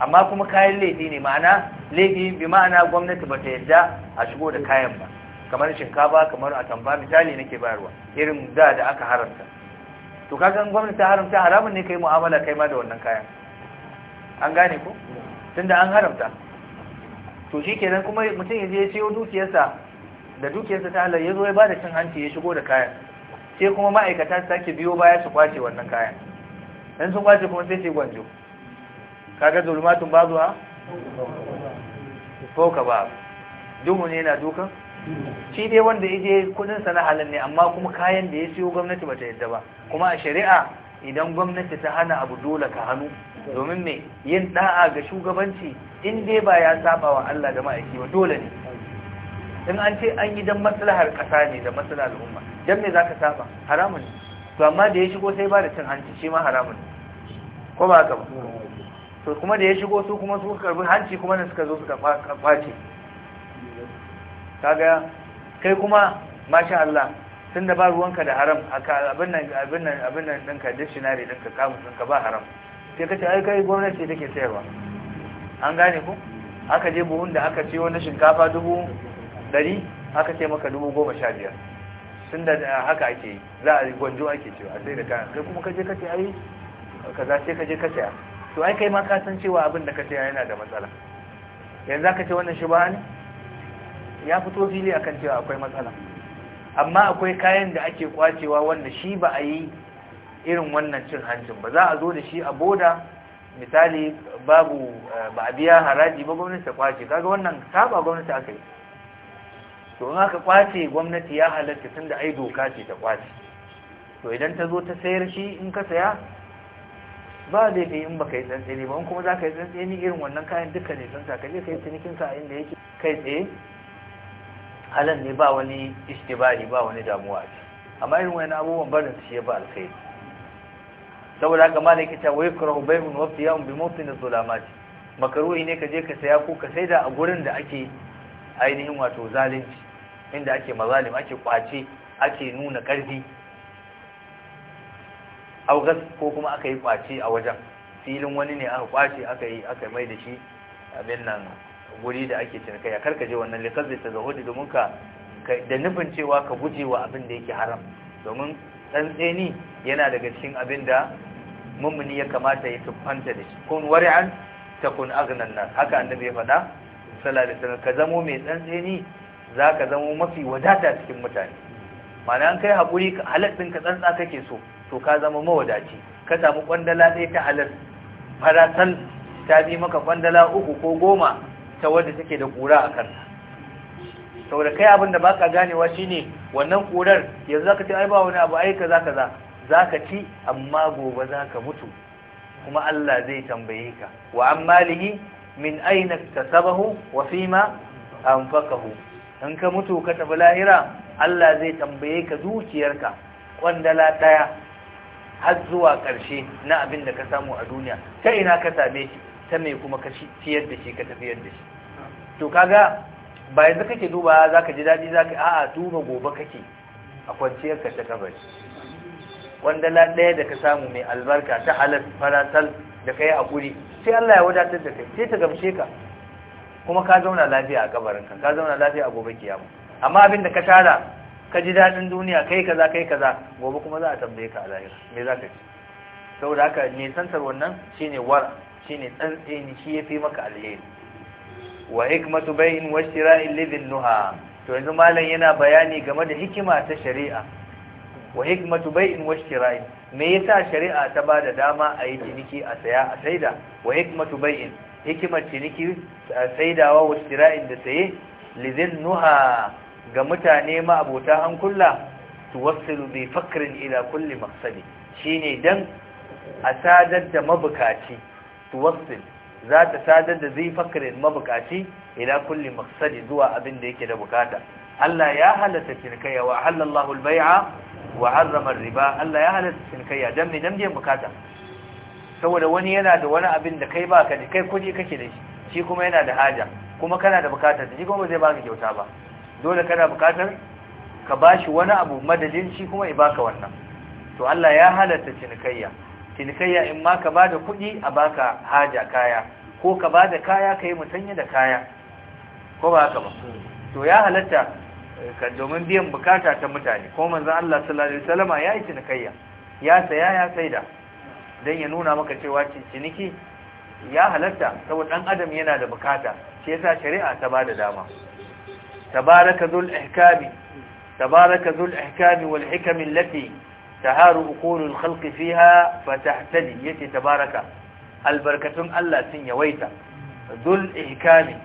amma kuma kayan laifi ne ma'ana laifi bi ma'ana gwamnati ba ta yadda a shigo da kayan ba kamar shinkafa kamar atamfa misali nake bayarwa irin da da aka haramta to kaga gwamnati ta haramta haramun ne kai mu'amala kai ma da wannan kayan an gane ko tunda an haramta to shikenan kuma mutum ya je ya siyo dukiyarsa da dukiyarsa ta halar ya zo ya bada cin hanci ya shigo da kayan sai kuma ma'aikata su sake biyo baya su kwace wannan kayan in sun kwace kuma sai ce gwanjo kaga zulmatun babu ha foka ba duhu ne na duka shi dai wanda yaje kudin sa na ne amma kuma kayan da ya siyo gwamnati bata yadda ba kuma a shari'a idan gwamnati ta hana abu dole ka hannu domin me yin da'a ga shugabanci in dai ba ya saba wa Allah da ma'aiki ba dole ne in an ce an yi dan maslahar kasa ne da maslahar al'umma dan me zaka saba haramun ne to amma da ya shigo sai ba da cin hanci shi ma haramun ko ba ka ba to kuma da ya shigo su kuma su karbi hanci kuma ne suka zo suka kwace kaga kai kuma masha Allah tun da ba ruwanka da haram abin nan abin nan abin nan ɗinka dictionary ɗinka kamus ɗinka ba haram sai ka ce ai kai gwamnati take sayarwa an gane ku aka je buhun da aka ciwo na shinkafa dubu ɗari aka ce maka dubu goma sha biyar tun da haka ake yi za a gwanjo ake cewa sai da kayan kai kuma kaje kace ai za sai kaje kace to ai kai ma ka san cewa abin da kace yana da matsala yanzu aka ce wannan shubha ne ya fito fili akan cewa akwai matsala amma akwai kayan da ake kwacewa wanda shi ba a yi irin wannan cin hancin ba za a zo da shi a boda misali babu eh, ba a biya haraji ba gwamnati ta kwace kaga wannan saba gwamnati aka yi to in aka kwace gwamnati ya halatta tunda ai doka ce ta kwace to idan ta zo ta sayar shi in ka saya ba zai fi in baka yi tsantseni ba in kuma za ka yi tsantseni irin wannan kayan duka ne sun ka je ka yi cinikin sa inda yake kai tsaye halan ne ba wani ishtibari ba wani damuwa ce amma irin wani abubuwan barin su ya ba alkhairi saboda haka ma da yake ta wai bai mun wa yawon bi zulama ce makaruhi ne ka je ka saya ko ka saida a gurin da ake ainihin wato zalunci inda ake mazalim ake kwace ake nuna ƙarfi augas ko kuma aka yi kwace a wajen filin wani ne aka kwace aka yi aka mai da shi abin nan guri da ake kar ka je wannan likazai ta zahudi domin ka da nufin cewa ka guje wa abin da yake haram domin tsantseni yana daga cikin abin da mummuni ya kamata ya tuffanta da shi kun wari'an kun agnan nan haka annabi ya faɗa sallallahu alaihi wasallam ka zamo mai tsantseni za ka zama mafi wadata cikin mutane mana an kai haƙuri halar ɗin ka tsantsa kake so to ka zama mawadaci ka samu ƙwandala ɗaya ta halar farasal ta bi maka ƙwandala uku ko goma ta wadda take da ƙura a kanta Sau da kai abin da baka ganewa shine wannan ƙurar yanzu za ka ci ba wani abu ka za za ka ci amma gobe za ka mutu kuma Allah zai tambaye ka wa an ammalihi min aina sabahu wa fima fakahu in ka mutu ka tafi lahira Allah zai tambaye ka zuciyarka kwandala ɗaya har zuwa ƙarshe na abin da ka samu a duniya ta ina ka same shi ta mai kuma ka ciyar da shi ka tafiyar da shi to kaga ba yanzu kake duba za ka ji daɗi za ka a'a duba gobe kake a kwanciyar ka ta kabari kwandala ɗaya da ka samu mai albarka ta halar faratal da ka yi haƙuri sai Allah ya wadatar da kai sai ta gamshe ka kuma ka zauna lafiya a kabarinka ka zauna lafiya a gobe kiyama amma abin da ka tara ka ji daɗin duniya kai kaza kai kaza gobe kuma za a tambaye ka a lahira me za ka ci saboda haka nisantar wannan shine war, shine tsantseni shi yafi maka alheri wa hikmatu bayin wa shira'in lidhin nuha to yanzu malam yana bayani game da hikima ta shari'a wa hikmatu bayin wa shira'in me yasa shari'a ta bada dama a yi ciniki a saya a saida wa hikmatu bayin hikimar ciniki saidawa wa shira'in da saye lizin nuha ga mutane ma abota hankula wasu bi fakirin ila kulli Shi ne dan a sadar da mabukaci wasu za ta sadar da zai fakirin mabukaci ila kulli maqsadi zuwa abin da yake da bukata Allah ya halatta cinikayya wa halallahu al wa harrama riba Allah ya halatta cinikayya don mai damgen bukata saboda wani yana da wani abin da kai baka da kai kuɗi kake da shi shi kuma yana da haja kuma kana da bukatar shi kuma zai baka kyauta ba dole kana bukatar ka bashi wani abu madadin shi kuma ya baka wannan to Allah ya halatta cinikayya cinikayya in ma ka bada kuɗi a baka haja kaya ko ka bada kaya kai musanya da kaya ko ba haka ba to ya halatta eh, ka domin biyan bukata ta mutane ko manzon Allah sallallahu alaihi wasallama ya yi cinikayya ya saya ya saida don ya nuna maka cewa ciniki ya halatta saboda ɗan adam yana da bukata shi yasa shari'a ta ba da dama tabaraka zul ihkami tabaraka zul ihkami wal hikami allati taharu uqulul khalqi fiha fatahtadi yace tabaraka albarkatun Allah sun yawaita zul ihkami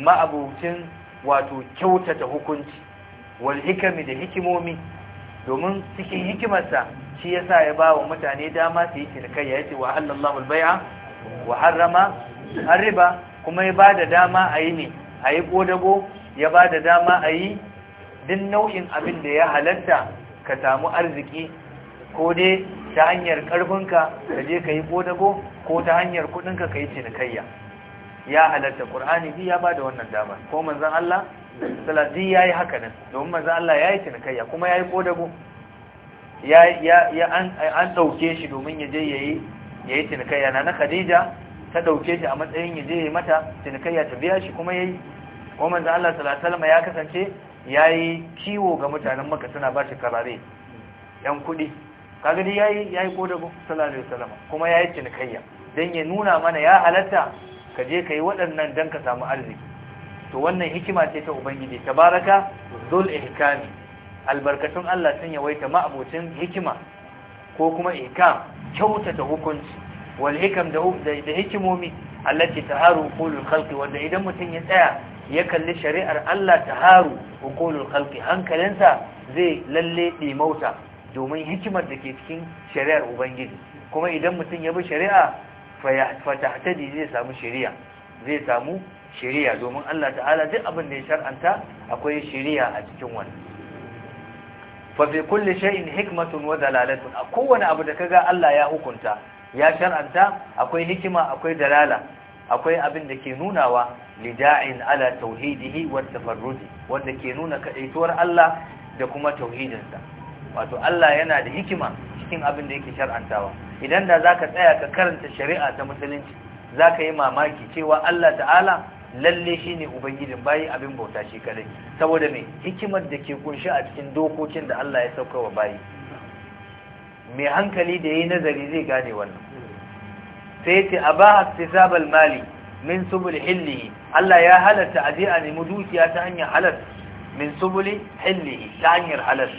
ma'abucin wato kyautata hukunci wal hikami da hikimomi domin cikin hikimarsa shi yasa ya ba wa mutane dama su yi cinikayya ya ce wa halallahu albai'a wa harrama harriba kuma ya ba da dama a yi ne a yi ƙodago ya ba da dama a yi duk nau'in abin da ya halatta ka samu arziki ko dai ta hanyar ƙarfinka ka je ka yi ƙodago ko ta hanyar kuɗinka ka yi cinikayya ya halatta ƙur'ani biyu ya ba da wannan dama ko manzan Allah salati ya yi haka nan domin manzan Allah ya yi cinikayya kuma ya yi ƙodago ya an ɗauke shi domin ya je ya yi na na khadija ta ɗauke shi a matsayin ya je mata cinikayya ta biya shi kuma ya kuma manzo Allah sallallahu ya kasance ya kiwo ga mutanen maka suna ba shi karare yan kuɗi kaga dai yayi yayi kodago sallallahu alaihi wasallam kuma yayi cinikayya dan ya nuna mana ya halatta ka je kai waɗannan dan ka samu arziki to wannan hikima ce ta ubangiji tabaraka zul ihkami albarkatun Allah sun yawaita ma'abucin hikima ko kuma ikam kyautata hukunci wal hikam da da hikimomi allati taharu qulul khalqi wanda idan mutum ya tsaya ya kalli shari'ar Allah taharu qulul khalqi hankalinsa zai lalle dimauta domin hikimar da ke cikin shari'ar ubangiji kuma idan mutum ya bi shari'a fa tahtadi zai samu shari'a zai samu shari'a domin Allah ta'ala duk abin da ya shar'anta akwai shari'a a cikin wannan fa fi kulli shay'in hikmatun wa dalalatun a kowane abu da kaga Allah ya hukunta ya shar'anta akwai hikima akwai dalala akwai abin da ke nunawa lida'in ala tauhidihi wa tafarrudi wanda ke nuna kadaituwar Allah da kuma tauhidinsa wato Allah yana da hikima cikin abin da yake shar'antawa idan da zaka tsaya ka karanta shari'a ta musulunci zaka yi mamaki cewa Allah ta'ala lalle shine ubangijin bayi abin bauta shi kadai saboda mai hikimar da ke kunshi a cikin dokokin da Allah ya sauka wa bayi mai hankali da yayi nazari zai gane wannan sai ce abaha tisabal mali min subul hilli Allah ya halatta aje a nemi dukiya ta hanyar halal min subuli hillihi ta hanyar halal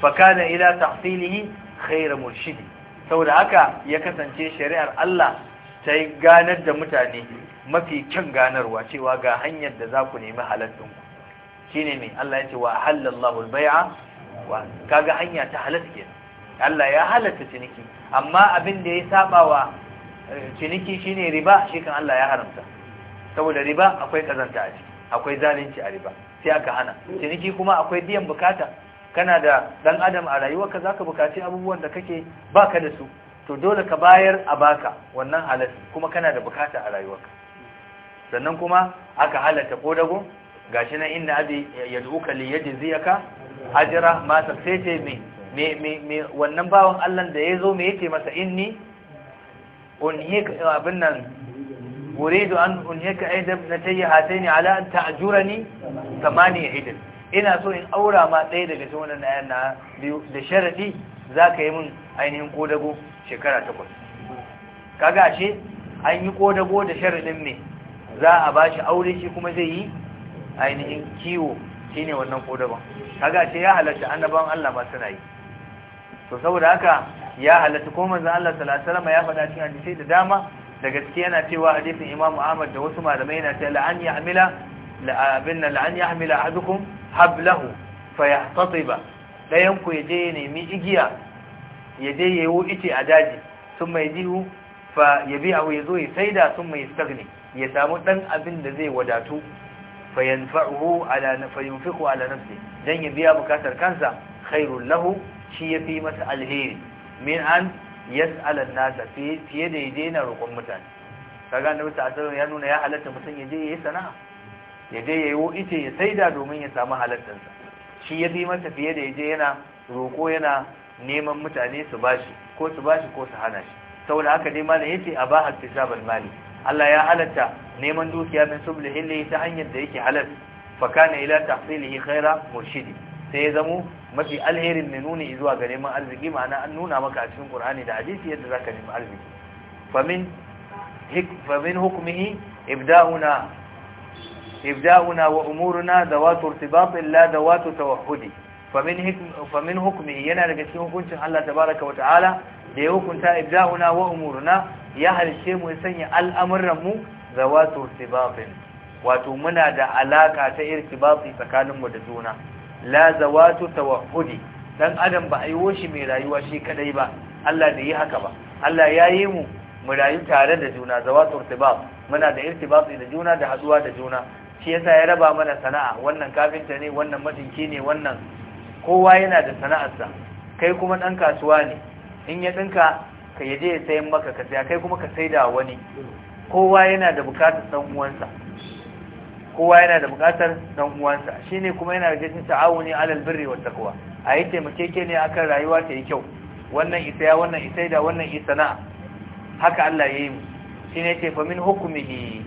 fa kana ila tahsilihi kaira murshidi saboda haka ya kasance shari'ar Allah ta ganar da mutane mafi kyan ganarwa cewa ga hanyar da za ku nemi halattun ku shine mai Allah ya ce wa halallahu bai'a wa kaga hanya ta halatta ke? Allah ya halatta ciniki amma abin da ya saba wa eh, ciniki shine riba shi kan Allah ya haramta saboda riba akwai kazanta a ciki akwai zalunci a riba sai aka hana ciniki kuma akwai biyan bukata kana da dan adam a rayuwarka zaka bukaci abubuwan da kake baka da su to dole ka bayar a baka wannan halatta kuma kana da bukata a rayuwarka sannan kuma aka halatta kodago gashi nan inda abi ya duka li yajziyaka ajra ma tafsite me me me wannan bawan Allah da yazo me yake masa inni unhik abin nan uridu an unhika aidab natayya hataini ala an ta'jurani thamaniya idin ina so in aura ma ɗaya daga cikin wannan ayan na biyu da sharadi zaka yi min ainihin kodago shekara takwas kaga shi an yi kodago da sharadin me za a ba shi aure shi kuma zai yi ainihin kiwo shi ne wannan kodaban kaga ce ya halatta annaban Allah ma suna yi to saboda haka ya halatta ko manzo Allah sallallahu alaihi ya faɗa cikin hadisi da dama da gaske yana cewa hadisin Imam Ahmad da wasu malamai yana cewa la'an ya'mila la'abinna la'an ya'mila ahadukum hablahu fayahtatiba dayan ku yaje ya nemi igiya yaje yayi ice a daji sun mai jihu fa yabi'ahu yazo ya saida sun mai stagni ya samu dan abin da zai wadatu fayanfa'uhu ala fayunfiqu ala nafsi dan ya biya bukatar kansa khairul lahu shi fi masa alheri min an yas'ala an-nas fi fiye da ya daina roƙon mutane kaga annabi sallallahu ya nuna ya halatta mutum yaje yayi sana'a yaje yayi ite ya saida domin ya samu halattar sa shi fi masa fiye da yaje yana roƙo yana neman mutane su bashi ko su bashi ko su hana shi saboda haka dai malam yace abaha tisaban mali Allah ya halatta neman dukiya min subul hilli ta hanyar da yake halal fa kana ila tahsilihi khaira murshidi sai ya zamo mafi alherin mai nuni zuwa ga neman arziki ma'ana an nuna maka a cikin Qur'ani da hadisi yadda zaka nemi arziki fa min fa min hukmihi ibda'una ibda'una wa umuruna dawatu irtibat illa dawatu tawahhudi famin hukumi yana daga cikin hukuncin Allah tabaraka wa ta'ala da ya hukunta ibda'una wa umuruna ya halishe mu ya sanya al'amuran mu zawatu sibabin wato muna da alaka ta irtibati tsakanin mu da juna la zawatu tawahhudi dan adam ba aiwo shi mai rayuwa shi kadai ba Allah da yi haka ba Allah ya yi mu mu rayu tare da juna zawatu irtibat muna da irtibati da juna da haduwa da juna shi yasa ya raba mana sana'a wannan kafinta ne wannan madinki ne wannan kowa yana da sana'arsa kai kuma ɗan kasuwa ne in ya ɗinka ka yaje ya sayan maka ka saya kai kuma ka da wani kowa yana da bukatar ɗan uwansa kowa yana da bukatar dan uwansa ne kuma yana da cikin ta'awuni alal birri wat taqwa ayi taimakeke ne akan rayuwa ta yi kyau wannan isaya wannan da wannan isana haka Allah ya yi mu shine yake fa min hukmihi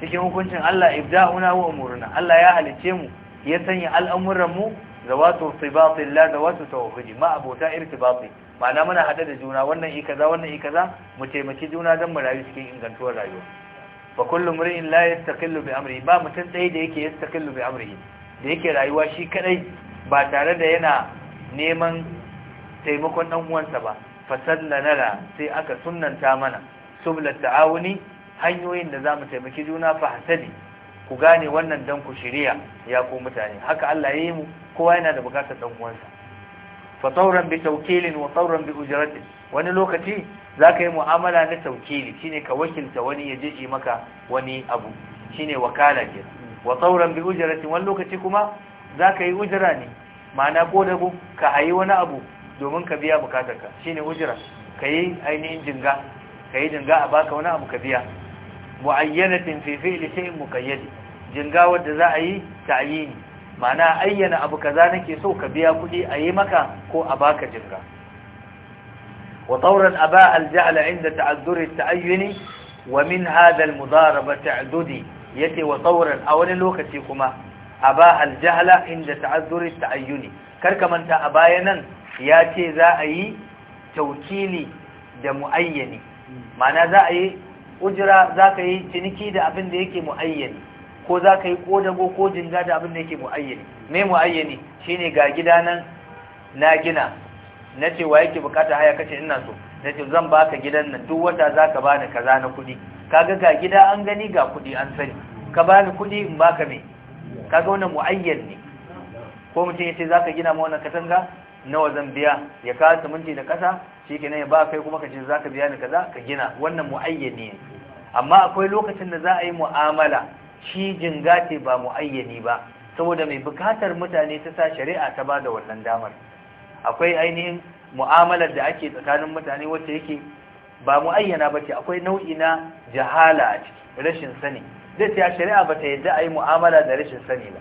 cikin hukuncin Allah ibda'una wa umuruna Allah ya halice mu ya sanya al'amuran mu zawatu sibati la zawatu tawhidi ma abota irtibati ma'ana muna hada da juna wannan yi kaza wannan yi kaza mu taimaki juna dan mu rayu cikin ingantuwar rayuwa fa kullu mri'in la yastaqillu bi amri ba mutun tsaye da yake yastaqillu bi amrihi da yake rayuwa shi kadai ba tare da yana neman taimakon dan uwansa ba fa fasallana sai aka sunnanta mana sublat ta'awuni hanyoyin da zamu taimaki juna fa hasadi ku gane wannan dan ku shirya ya ku mutane haka Allah ya yi mu kowa yana da bukatar dan uwansa fa tawran bi tawkilin wa tawran bi ujratin wani lokaci zaka yi mu'amala na tawkili shine ka wakilta wani ya je yi maka wani abu shine wakala ke wa tawran bi ujratin wani lokaci kuma zaka yi ujra ne ma'ana ko da ka ayi wani abu domin ka biya bukatarka shine ujra ka yi ainihin jinga kai jinga a baka wani abu ka biya muayyanatin fi fi'li shay'in muqayyad jinga wanda za a yi ta'yini ma'ana ayyana abu kaza nake so ka biya kuɗi a yi maka ko a baka jinga wa tawran aba al-ja'l 'inda ta'azzur at wa min hadha al-mudaraba ta'dudi yace wa tawran a wani lokaci kuma aba al-jahl 'inda ta'azzur at karka manta a bayanan yace za a yi tawkili da muayyani ma'ana za a yi ujira za ka yi ciniki da abin da yake mu'ayyani ko za ka yi kodago ko jinga da abin da yake mu'ayyani me mu'ayyani ne ga gida nan na gina na ce wa yake bukata haya kace ina so na ce zan ba ka gidan nan duk wata za ka bani kaza na kuɗi kaga ga gida an gani ga kuɗi an sani ka bani kuɗi in ba ka me kaga wannan mu'ayyan ne ko mutum ya ce za ka gina ma wannan katanga nawa zan biya ya kawo siminti da kasa shi kenan ya ba kai kuma ka ce za ka biya ni kaza ka gina wannan mu'ayyan ne amma akwai lokacin da za a yi mu'amala shi jinga ce ba mu'ayyani ba saboda mai bukatar mutane ta sa shari'a ta ba da wannan damar akwai ainihin mu'amalar da ake tsakanin mutane wacce yake ba mu'ayyana ba ce akwai nau'i na jahala a ciki rashin sani zai ce shari'a ba ta yadda a yi mu'amala da rashin sani ba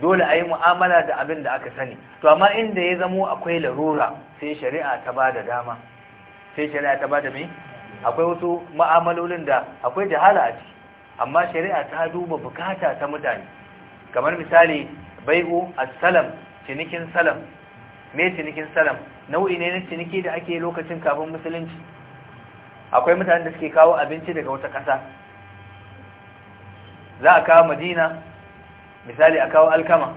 dole a yi mu'amala da abin da aka sani to amma inda ya zamo akwai larura sai shari'a ta ba da dama sai shari'a ta ba da mai akwai wasu ma'amalolin da akwai jahala a ciki amma shari'a ta duba bukata ta mutane kamar misali bai'u assalam salam cinikin salam me cinikin salam nau'i ne na ciniki da ake lokacin kafin musulunci akwai mutanen da suke kawo abinci daga wata ƙasa za a kawo madina misali a kawo alkama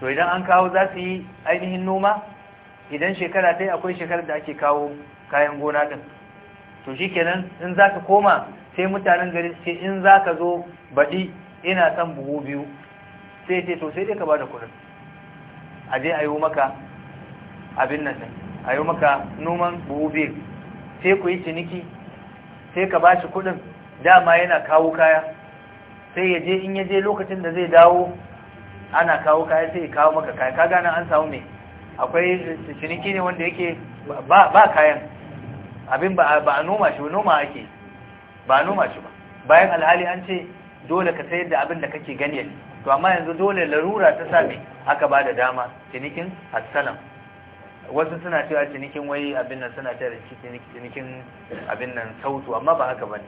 to idan an kawo za su yi ainihin noma idan shekara ta yi akwai shekarar da ake kawo kayan gona din to kenan in zaka koma sai mutanen gari sai in in zaka zo baɗi ina son buhu biyu sai ce to sai dai ka da kuɗin a je a yi maka abin nan a yi maka noman buhu biyu sai ku yi ciniki sai ka bashi kuɗin dama yana kawo kaya sai ya je in ya je lokacin da zai dawo ana kawo kaya sai ya kawo maka kaya ka gane an samu me akwai ciniki ne wanda yake ba kayan abin ba a noma shi noma ake ba noma shi ba bayan alhali an ce dole ka sayar da abin da kake gani to amma yanzu dole larura ta sami aka ba da dama cinikin assalam wasu suna cewa cinikin wai abin nan suna cewa cinikin abin nan sautu amma ba haka ba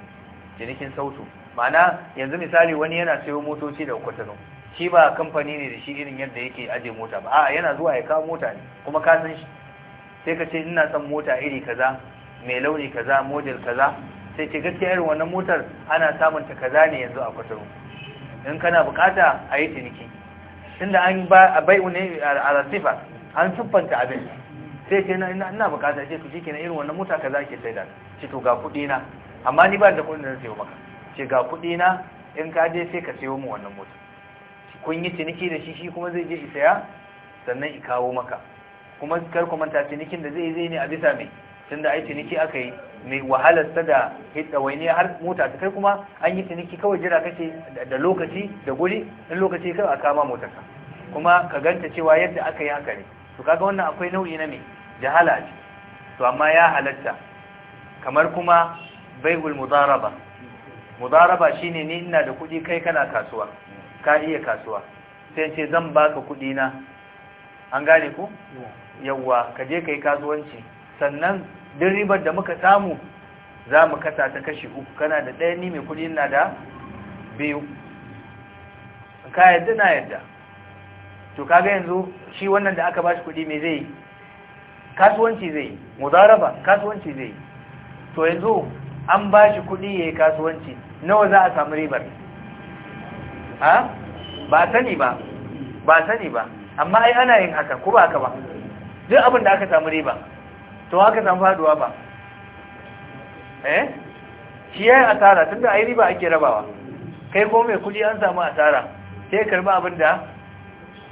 cinikin sautu ma'ana yanzu misali wani yana sayo motoci da kwatano shi ba kamfani ne da shi irin yadda yake aje mota ba a yana zuwa ya kawo mota ne kuma ka san shi sai ka ce ina son mota iri kaza mai launi kaza model kaza sai ce gaskiya irin wannan motar ana samun ta kaza ne yanzu a kwataro in kana bukata a yi ciniki tunda an ba bai ne a rasifa an siffanta abin sai ce ina bukata ce ku shi irin wannan mota kaza ke saida ce to ga kudi na amma ni ba da kudin da zai sayo maka ce ga kudi na in ka je sai ka sayo mu wannan mota kun yi ciniki da shi shi kuma zai je ya sannan i kawo maka kuma kar ku manta cinikin da zai zai ne a bisa mai tunda ai ciniki aka yi mai wahalar ta da hidda wai har mota ta kai kuma an yi ciniki kawai jira kake da lokaci da guri in lokaci kai a kama motarka kuma ka ganta cewa yadda aka yi haka ne to kaga wannan akwai nau'i na me jahala ce to amma ya halatta kamar kuma bai'ul mudaraba mudaraba shine ni ina da kuɗi kai kana kasuwa ka iya kasuwa sai ce zan baka kuɗi na an gane ku yawa ka je kai kasuwanci sannan duk ribar da muka samu za mu kasa ta kashi uku kana da ɗaya ni mai kuɗi na da biyu ka yadda na yadda to kaga yanzu shi wannan da aka bashi kuɗi mai zai yi kasuwanci zai yi mudaraba kasuwanci zai yi to yanzu an bashi kuɗi ya yi kasuwanci nawa za a samu ribar ha ba sani ba ba sani ba amma ai ana yin haka ko ba haka ba duk abin da aka samu riba to haka san faduwa ba eh shi yayi asara tunda ai riba ake rabawa kai ko mai kudi an samu asara sai karba abinda da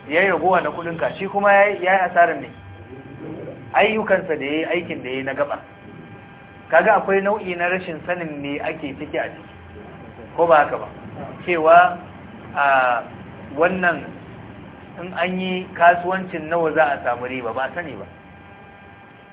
yayi na kudin ka shi kuma yayi yayi asaran ne ayyukansa da yayi aikin da yayi na gaba kaga akwai nau'i na rashin sanin me ake ciki a ciki ko ba haka ba cewa a wannan in an yi kasuwancin nawa za a samu riba ba sani ba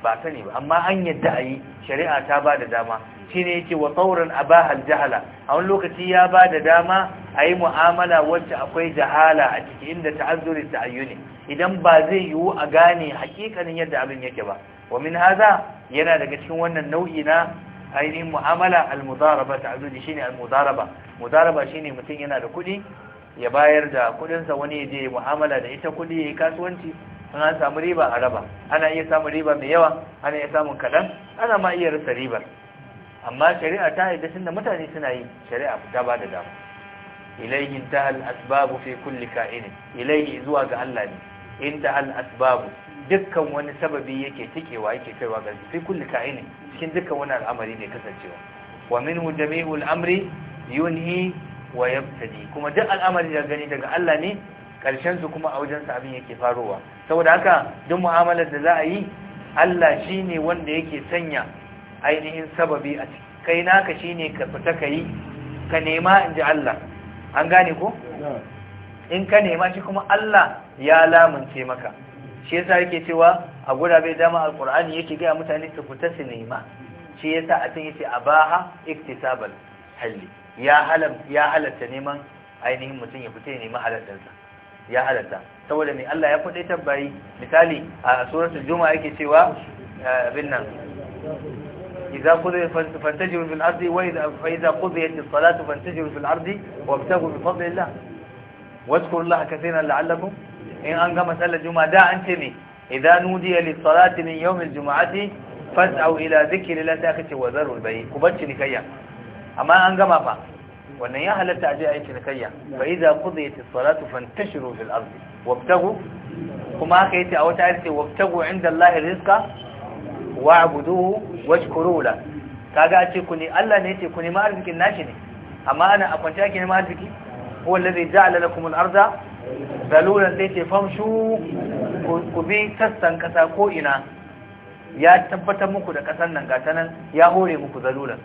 ba sani ba amma an yadda a yi shari'a ta ba da dama shi ne yake wa tsauran abahal jahala a wani lokaci ya ba da dama a yi mu'amala wacce akwai jahala a ciki inda ta'azzuri ta'ayyuni idan ba zai yiwu a gane hakikanin yadda abin yake ba wa min haza yana daga cikin wannan nau'i na ainihin mu'amala al-mudaraba ta'azzuri shine al-mudaraba mudaraba shine mutum yana da kuɗi ya bayar da kuɗinsa wani ya je mu'amala da ita kuɗi ya yi kasuwanci an an samu riba a raba ana iya samun riba mai yawa ana iya samun kaɗan ana ma iya rasa ribar amma shari'a ta haida da mutane suna yi shari'a ta ba da dama ilaihi ta al-asbabu fi kulli ka'in ilaihi zuwa ga Allah ne in ta al dukkan wani sababi yake tikewa yake kaiwa ga fi kulli ka'in cikin dukkan wani al'amari ne kasancewa wa minhu jami'ul amri yunhi wa yabtadi kuma duk al'amari da gani daga Allah ne ƙarshen su kuma a wajen sa abin yake farowa saboda haka duk mu'amalar da za a yi Allah shine wanda yake sanya ainihin sababi a ciki kai naka shine ka fita kai ka nema inji Allah an gane ko in ka nema shi kuma Allah ya lamunce maka shi yasa yake cewa a gurabe dama alqur'ani yake gaya mutane su fita su nema shi yasa a tun yace abaha iktisabal halli ya halam ya halatta neman ainihin mutum ya fita ya nema halalansa ya halatta saboda mai Allah ya faɗe tabbayi misali a suratul juma'a yake cewa eh, abin nan idza qudiya fantajiru fil ardi wa idza qudiyat as-salatu fantajiru fil ardi wabtagu bi fadlillah wadhkurullaha katiran la'allakum in an gama sallar juma'a da an ce me idza nudiya lis-salati min yawm al-jum'ati fas'au ila dhikrillahi ta kace wa zarul bay ku bacci nikayya amma an gama fa wannan ya halatta a je a yi cinikayya fa idza qudiyatis salatu fantashiru fil ardi wabtagu kuma haka yace a wata ayat ce wabtagu inda Allah rizqa wa'buduhu washkuru la kaga a ce ku ne Allah ne yace ku ne ma arzikin nashi ne amma ana a kwanta ki ne ma arziki huwa alladhi ja'ala lakum al-arda dalulan sai ce famshu ku bi sassan kasa ko ina ya tabbatar muku da kasan nan gata nan ya hore muku zalulan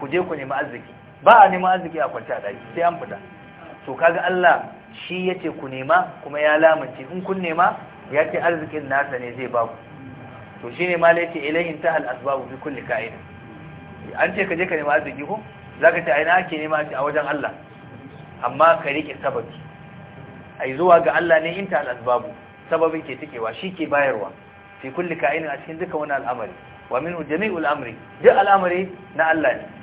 ku je ku nemi arziki ba a neman arziki a kwanci a ɗaki sai an fita to kaga Allah shi ya ce ku nema kuma ya lamunci in kun nema ya ce arzikin nasa ne zai ba ku to shi ne mala yace ilayhin al asbabu fi kulli ka'id an ce ka je ka nema arziki ko zaka ce aina ake nema a wajen Allah amma ka rike sababi ai zuwa ga Allah ne in al asbabu sababin ke tikewa shi ke bayarwa fi kulli ka'id a cikin duka wani al'amari wa minhu jami'ul amri duk al'amari na Allah ne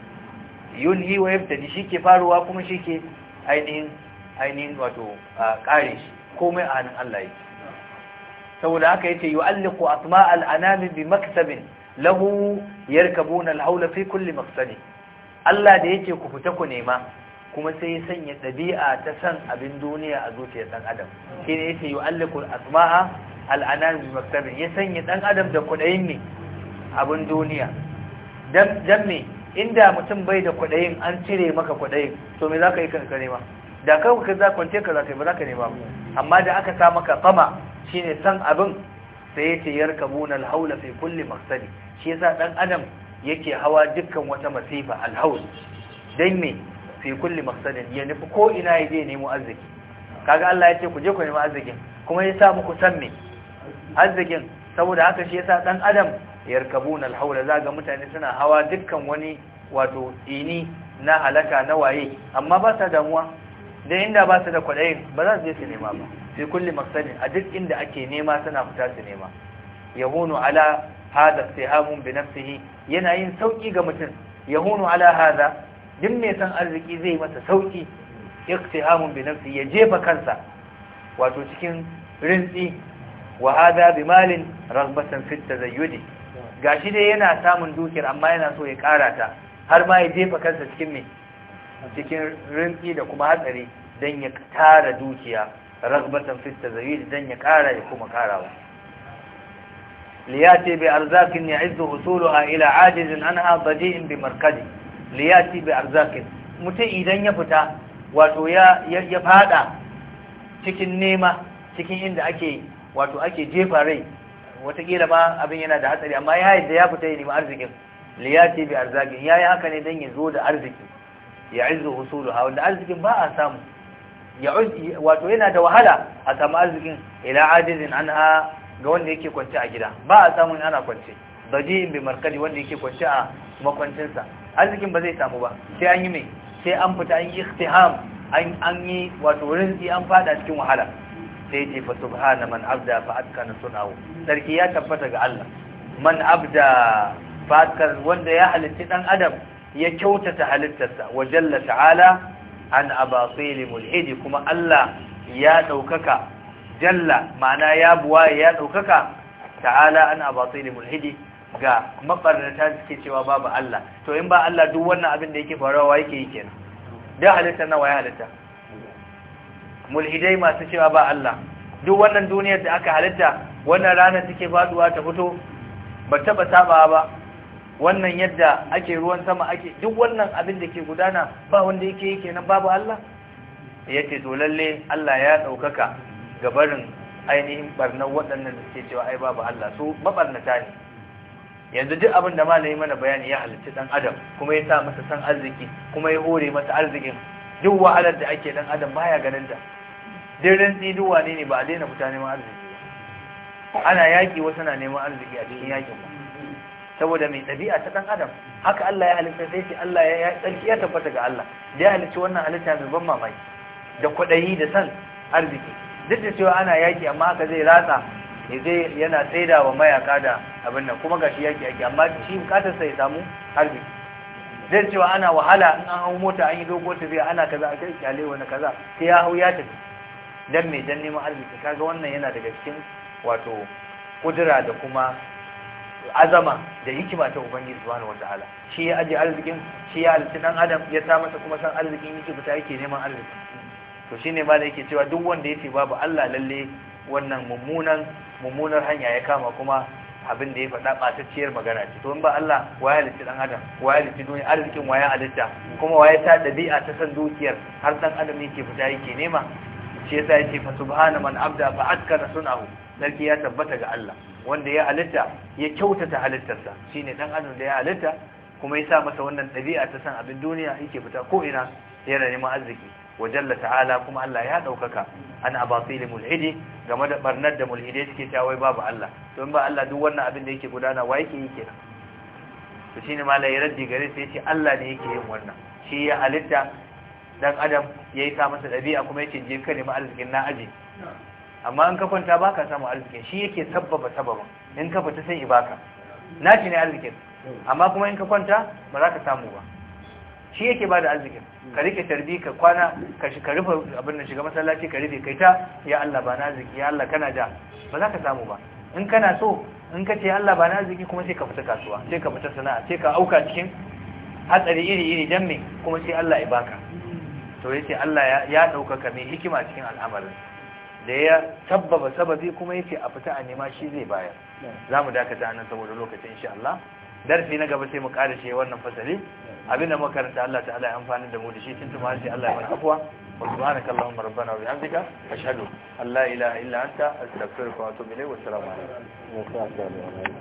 yunhi wa yabtadi shike faruwa kuma shike ainihin ainihin wato kare shi komai a hannun Allah yake saboda haka yace yu'alliqu atma' al-anam bi maktabin lahu yarkabuna al-hawla fi kulli maqsadi Allah da yake ku fita ku nema kuma sai ya sanya ɗabi'a ta san abin duniya a zuciyar ɗan adam shi ne yake yi allikul asma'a al'anar bi maktabin ya sanya ɗan adam da kuɗayin ne abin duniya dan me inda mutum bai da kwaɗayin an cire maka kwaɗayin to me za ka yi kanka nema da kawai ka za kwance ka za ka yi ba za ka nema amma da aka sa maka fama shine san abin sai yace yarkabuna alhaula fi kulli maqsadi shi yasa dan adam yake hawa dukkan wata masifa alhaul dan me fi kulli maqsadin ya nufi ko ina ya je nemo arziki kaga Allah yace ku je ku nemi arzikin kuma yasa sa muku san me arzikin saboda haka shi yasa dan adam yarkabuna za zaga mutane suna hawa dukkan wani wato ini na halaka na waye amma ba sa damuwa dan inda ba su da kwadayin ba za su je su nema ba sai kulli maqsadin a duk inda ake nema suna fita su nema yahunu ala hada istihamun bi nafsihi yana yin sauki ga mutum yahunu ala hada duk mai san arziki zai masa sauki istihamun bi nafsihi ya jefa kansa wato cikin rinzi wa hada bi malin ragbatan fi tazayyudi gashi dai yana samun dukiyar amma yana so ya kara ta har ma ya jefa kansa cikin me cikin rinki da kuma hatsari don ya tara dukiya ragbatan fista tazawid don ya kara ya kuma karawa liyati bi arzakin ya'izzu a ila ajizin anha badi'in bi markadi liyati bi arzakin mutum idan ya fita wato ya fada cikin nema cikin inda ake wato ake jefa rai watakila ma abin yana da hatsari amma ya yadda ya fita ya arzikin liyati bi arzakin ya yi haka ne don ya zo da arziki ya izu husulu ha wanda arzikin ba a samu ya wato yana da wahala a samu arzikin ila ajizin an ha ga wanda yake kwance a gida ba a samun ana kwance in bi markadi wanda yake kwance a makwancinsa arzikin ba zai samu ba sai an yi mai sai an fita an yi ikhtiham an yi wato rinzi an fada cikin wahala sai ce fa subhana man abda fa atkana sunahu sarki ya tabbata ga Allah man abda fa wanda ya halitta dan adam ya kyautata halittarsa wa jalla ta'ala an abasil mulhid kuma Allah ya daukaka jalla ma'ana ya buwa ya daukaka ta'ala an abasil mulhid ga mabarnata suke cewa babu Allah to in ba Allah duk wannan abin da yake farawa yake yi kenan da halitta nawa ya halitta mulhidai masu cewa ba Allah duk wannan duniyar da aka halitta wannan rana take faduwa ta fito ba taba saba ba wannan yadda ake ruwan sama ake duk wannan abin da ke gudana ba wanda yake yake nan babu Allah yake to lalle Allah ya daukaka gabarin ainihin barnan waɗannan da suke cewa ai babu Allah su mabarnata ne yanzu duk abin da malami mana bayani ya halitta dan adam kuma ya sa masa san arziki kuma ya hore masa arzikin duk wahalar da ake dan adam baya ganin ta daren tsiduwa ne ne ba a daina fita neman arziki ana yaƙi wasu na neman arziki a cikin yaƙin ba saboda mai ɗabi'a ta ɗan adam haka Allah ya halitta sai ce Allah ya tsarki ya tabbata ga Allah da ya halitta wannan halitta mai ban mamaki da kwaɗayi da san arziki duk da cewa ana yaƙi amma haka zai ratsa zai yana tsaida wa mayaka da abin nan kuma gashi yaƙi yaƙi amma shi bukatar sa ya samu arziki zai cewa ana wahala in an hau mota an yi dogo tafiya ana kaza a kai kyale wani kaza sai ya hau ya tafi dan mai dan neman arziki kaga wannan yana daga cikin wato kudura da kuma azama da hikima ta ubangiji subhanahu wataala shi ya aje arzikin shi ya alci dan adam ya sa masa kuma san arzikin yake fita yake neman arziki to shine ma da yake cewa duk wanda yace babu Allah lalle wannan mummunan mummunar hanya ya kama kuma abin da ya faɗa ɓatacciyar magana ce to in ba Allah wa ya halitta dan adam wa ya halitta duniya arzikin wa ya halitta kuma wa ya ta dabi'a ta san dukiyar har dan adam yake fita yake nema shi yasa yake fa subhana man abda fa akkara sunahu sarki ya tabbata ga Allah wanda ya halitta ya kyautata halittarsa shine dan adam da ya halitta kuma ya sa masa wannan dabi'a ta san abin duniya yake fita ko ina yana neman arziki wa jalla ta'ala kuma Allah ya daukaka an abatil mulhidi game da barnar da mulhidai suke ta wai babu Allah to in ba Allah duk wannan abin da yake gudana wa yake yi to shine malai raddi gare sai yace Allah ne yake yin wannan shi ya halitta dan adam ya yi sa masa ɗabi'a kuma ce je ka nemi arzikin na aji amma in ka kwanta ba ka samu arzikin shi yake sabbaba sababin in ka fita sai ibaka na ci ne arzikin amma kuma in ka kwanta ba za ka samu ba shi yake ba da arzikin ka rike tarbi ka kwana ka rufe abin da shiga masallaci ka rufe kai ta ya Allah ba na arziki ya Allah kana da ba za ka samu ba in kana so in ka ce Allah ba na arziki kuma sai ka fita kasuwa sai ka fita sana'a sai ka auka cikin hatsari iri iri dan me kuma sai Allah ya baka to yace Allah ya ɗaukaka mai hikima cikin al'amarin da ya sabbaba sababi kuma yace a fita a nema shi zai bayar zamu dakata nan saboda lokacin insha Allah darfi na gaba sai mu ƙara shi wannan fasali abinda muka karanta Allah ta'ala ya amfani da mu da shi tun tuma sai Allah ya mana afwa wa subhanaka allahumma rabbana wa bihamdika ashhadu an la ilaha illa anta astaghfiruka wa atubu ilayk wa assalamu alaikum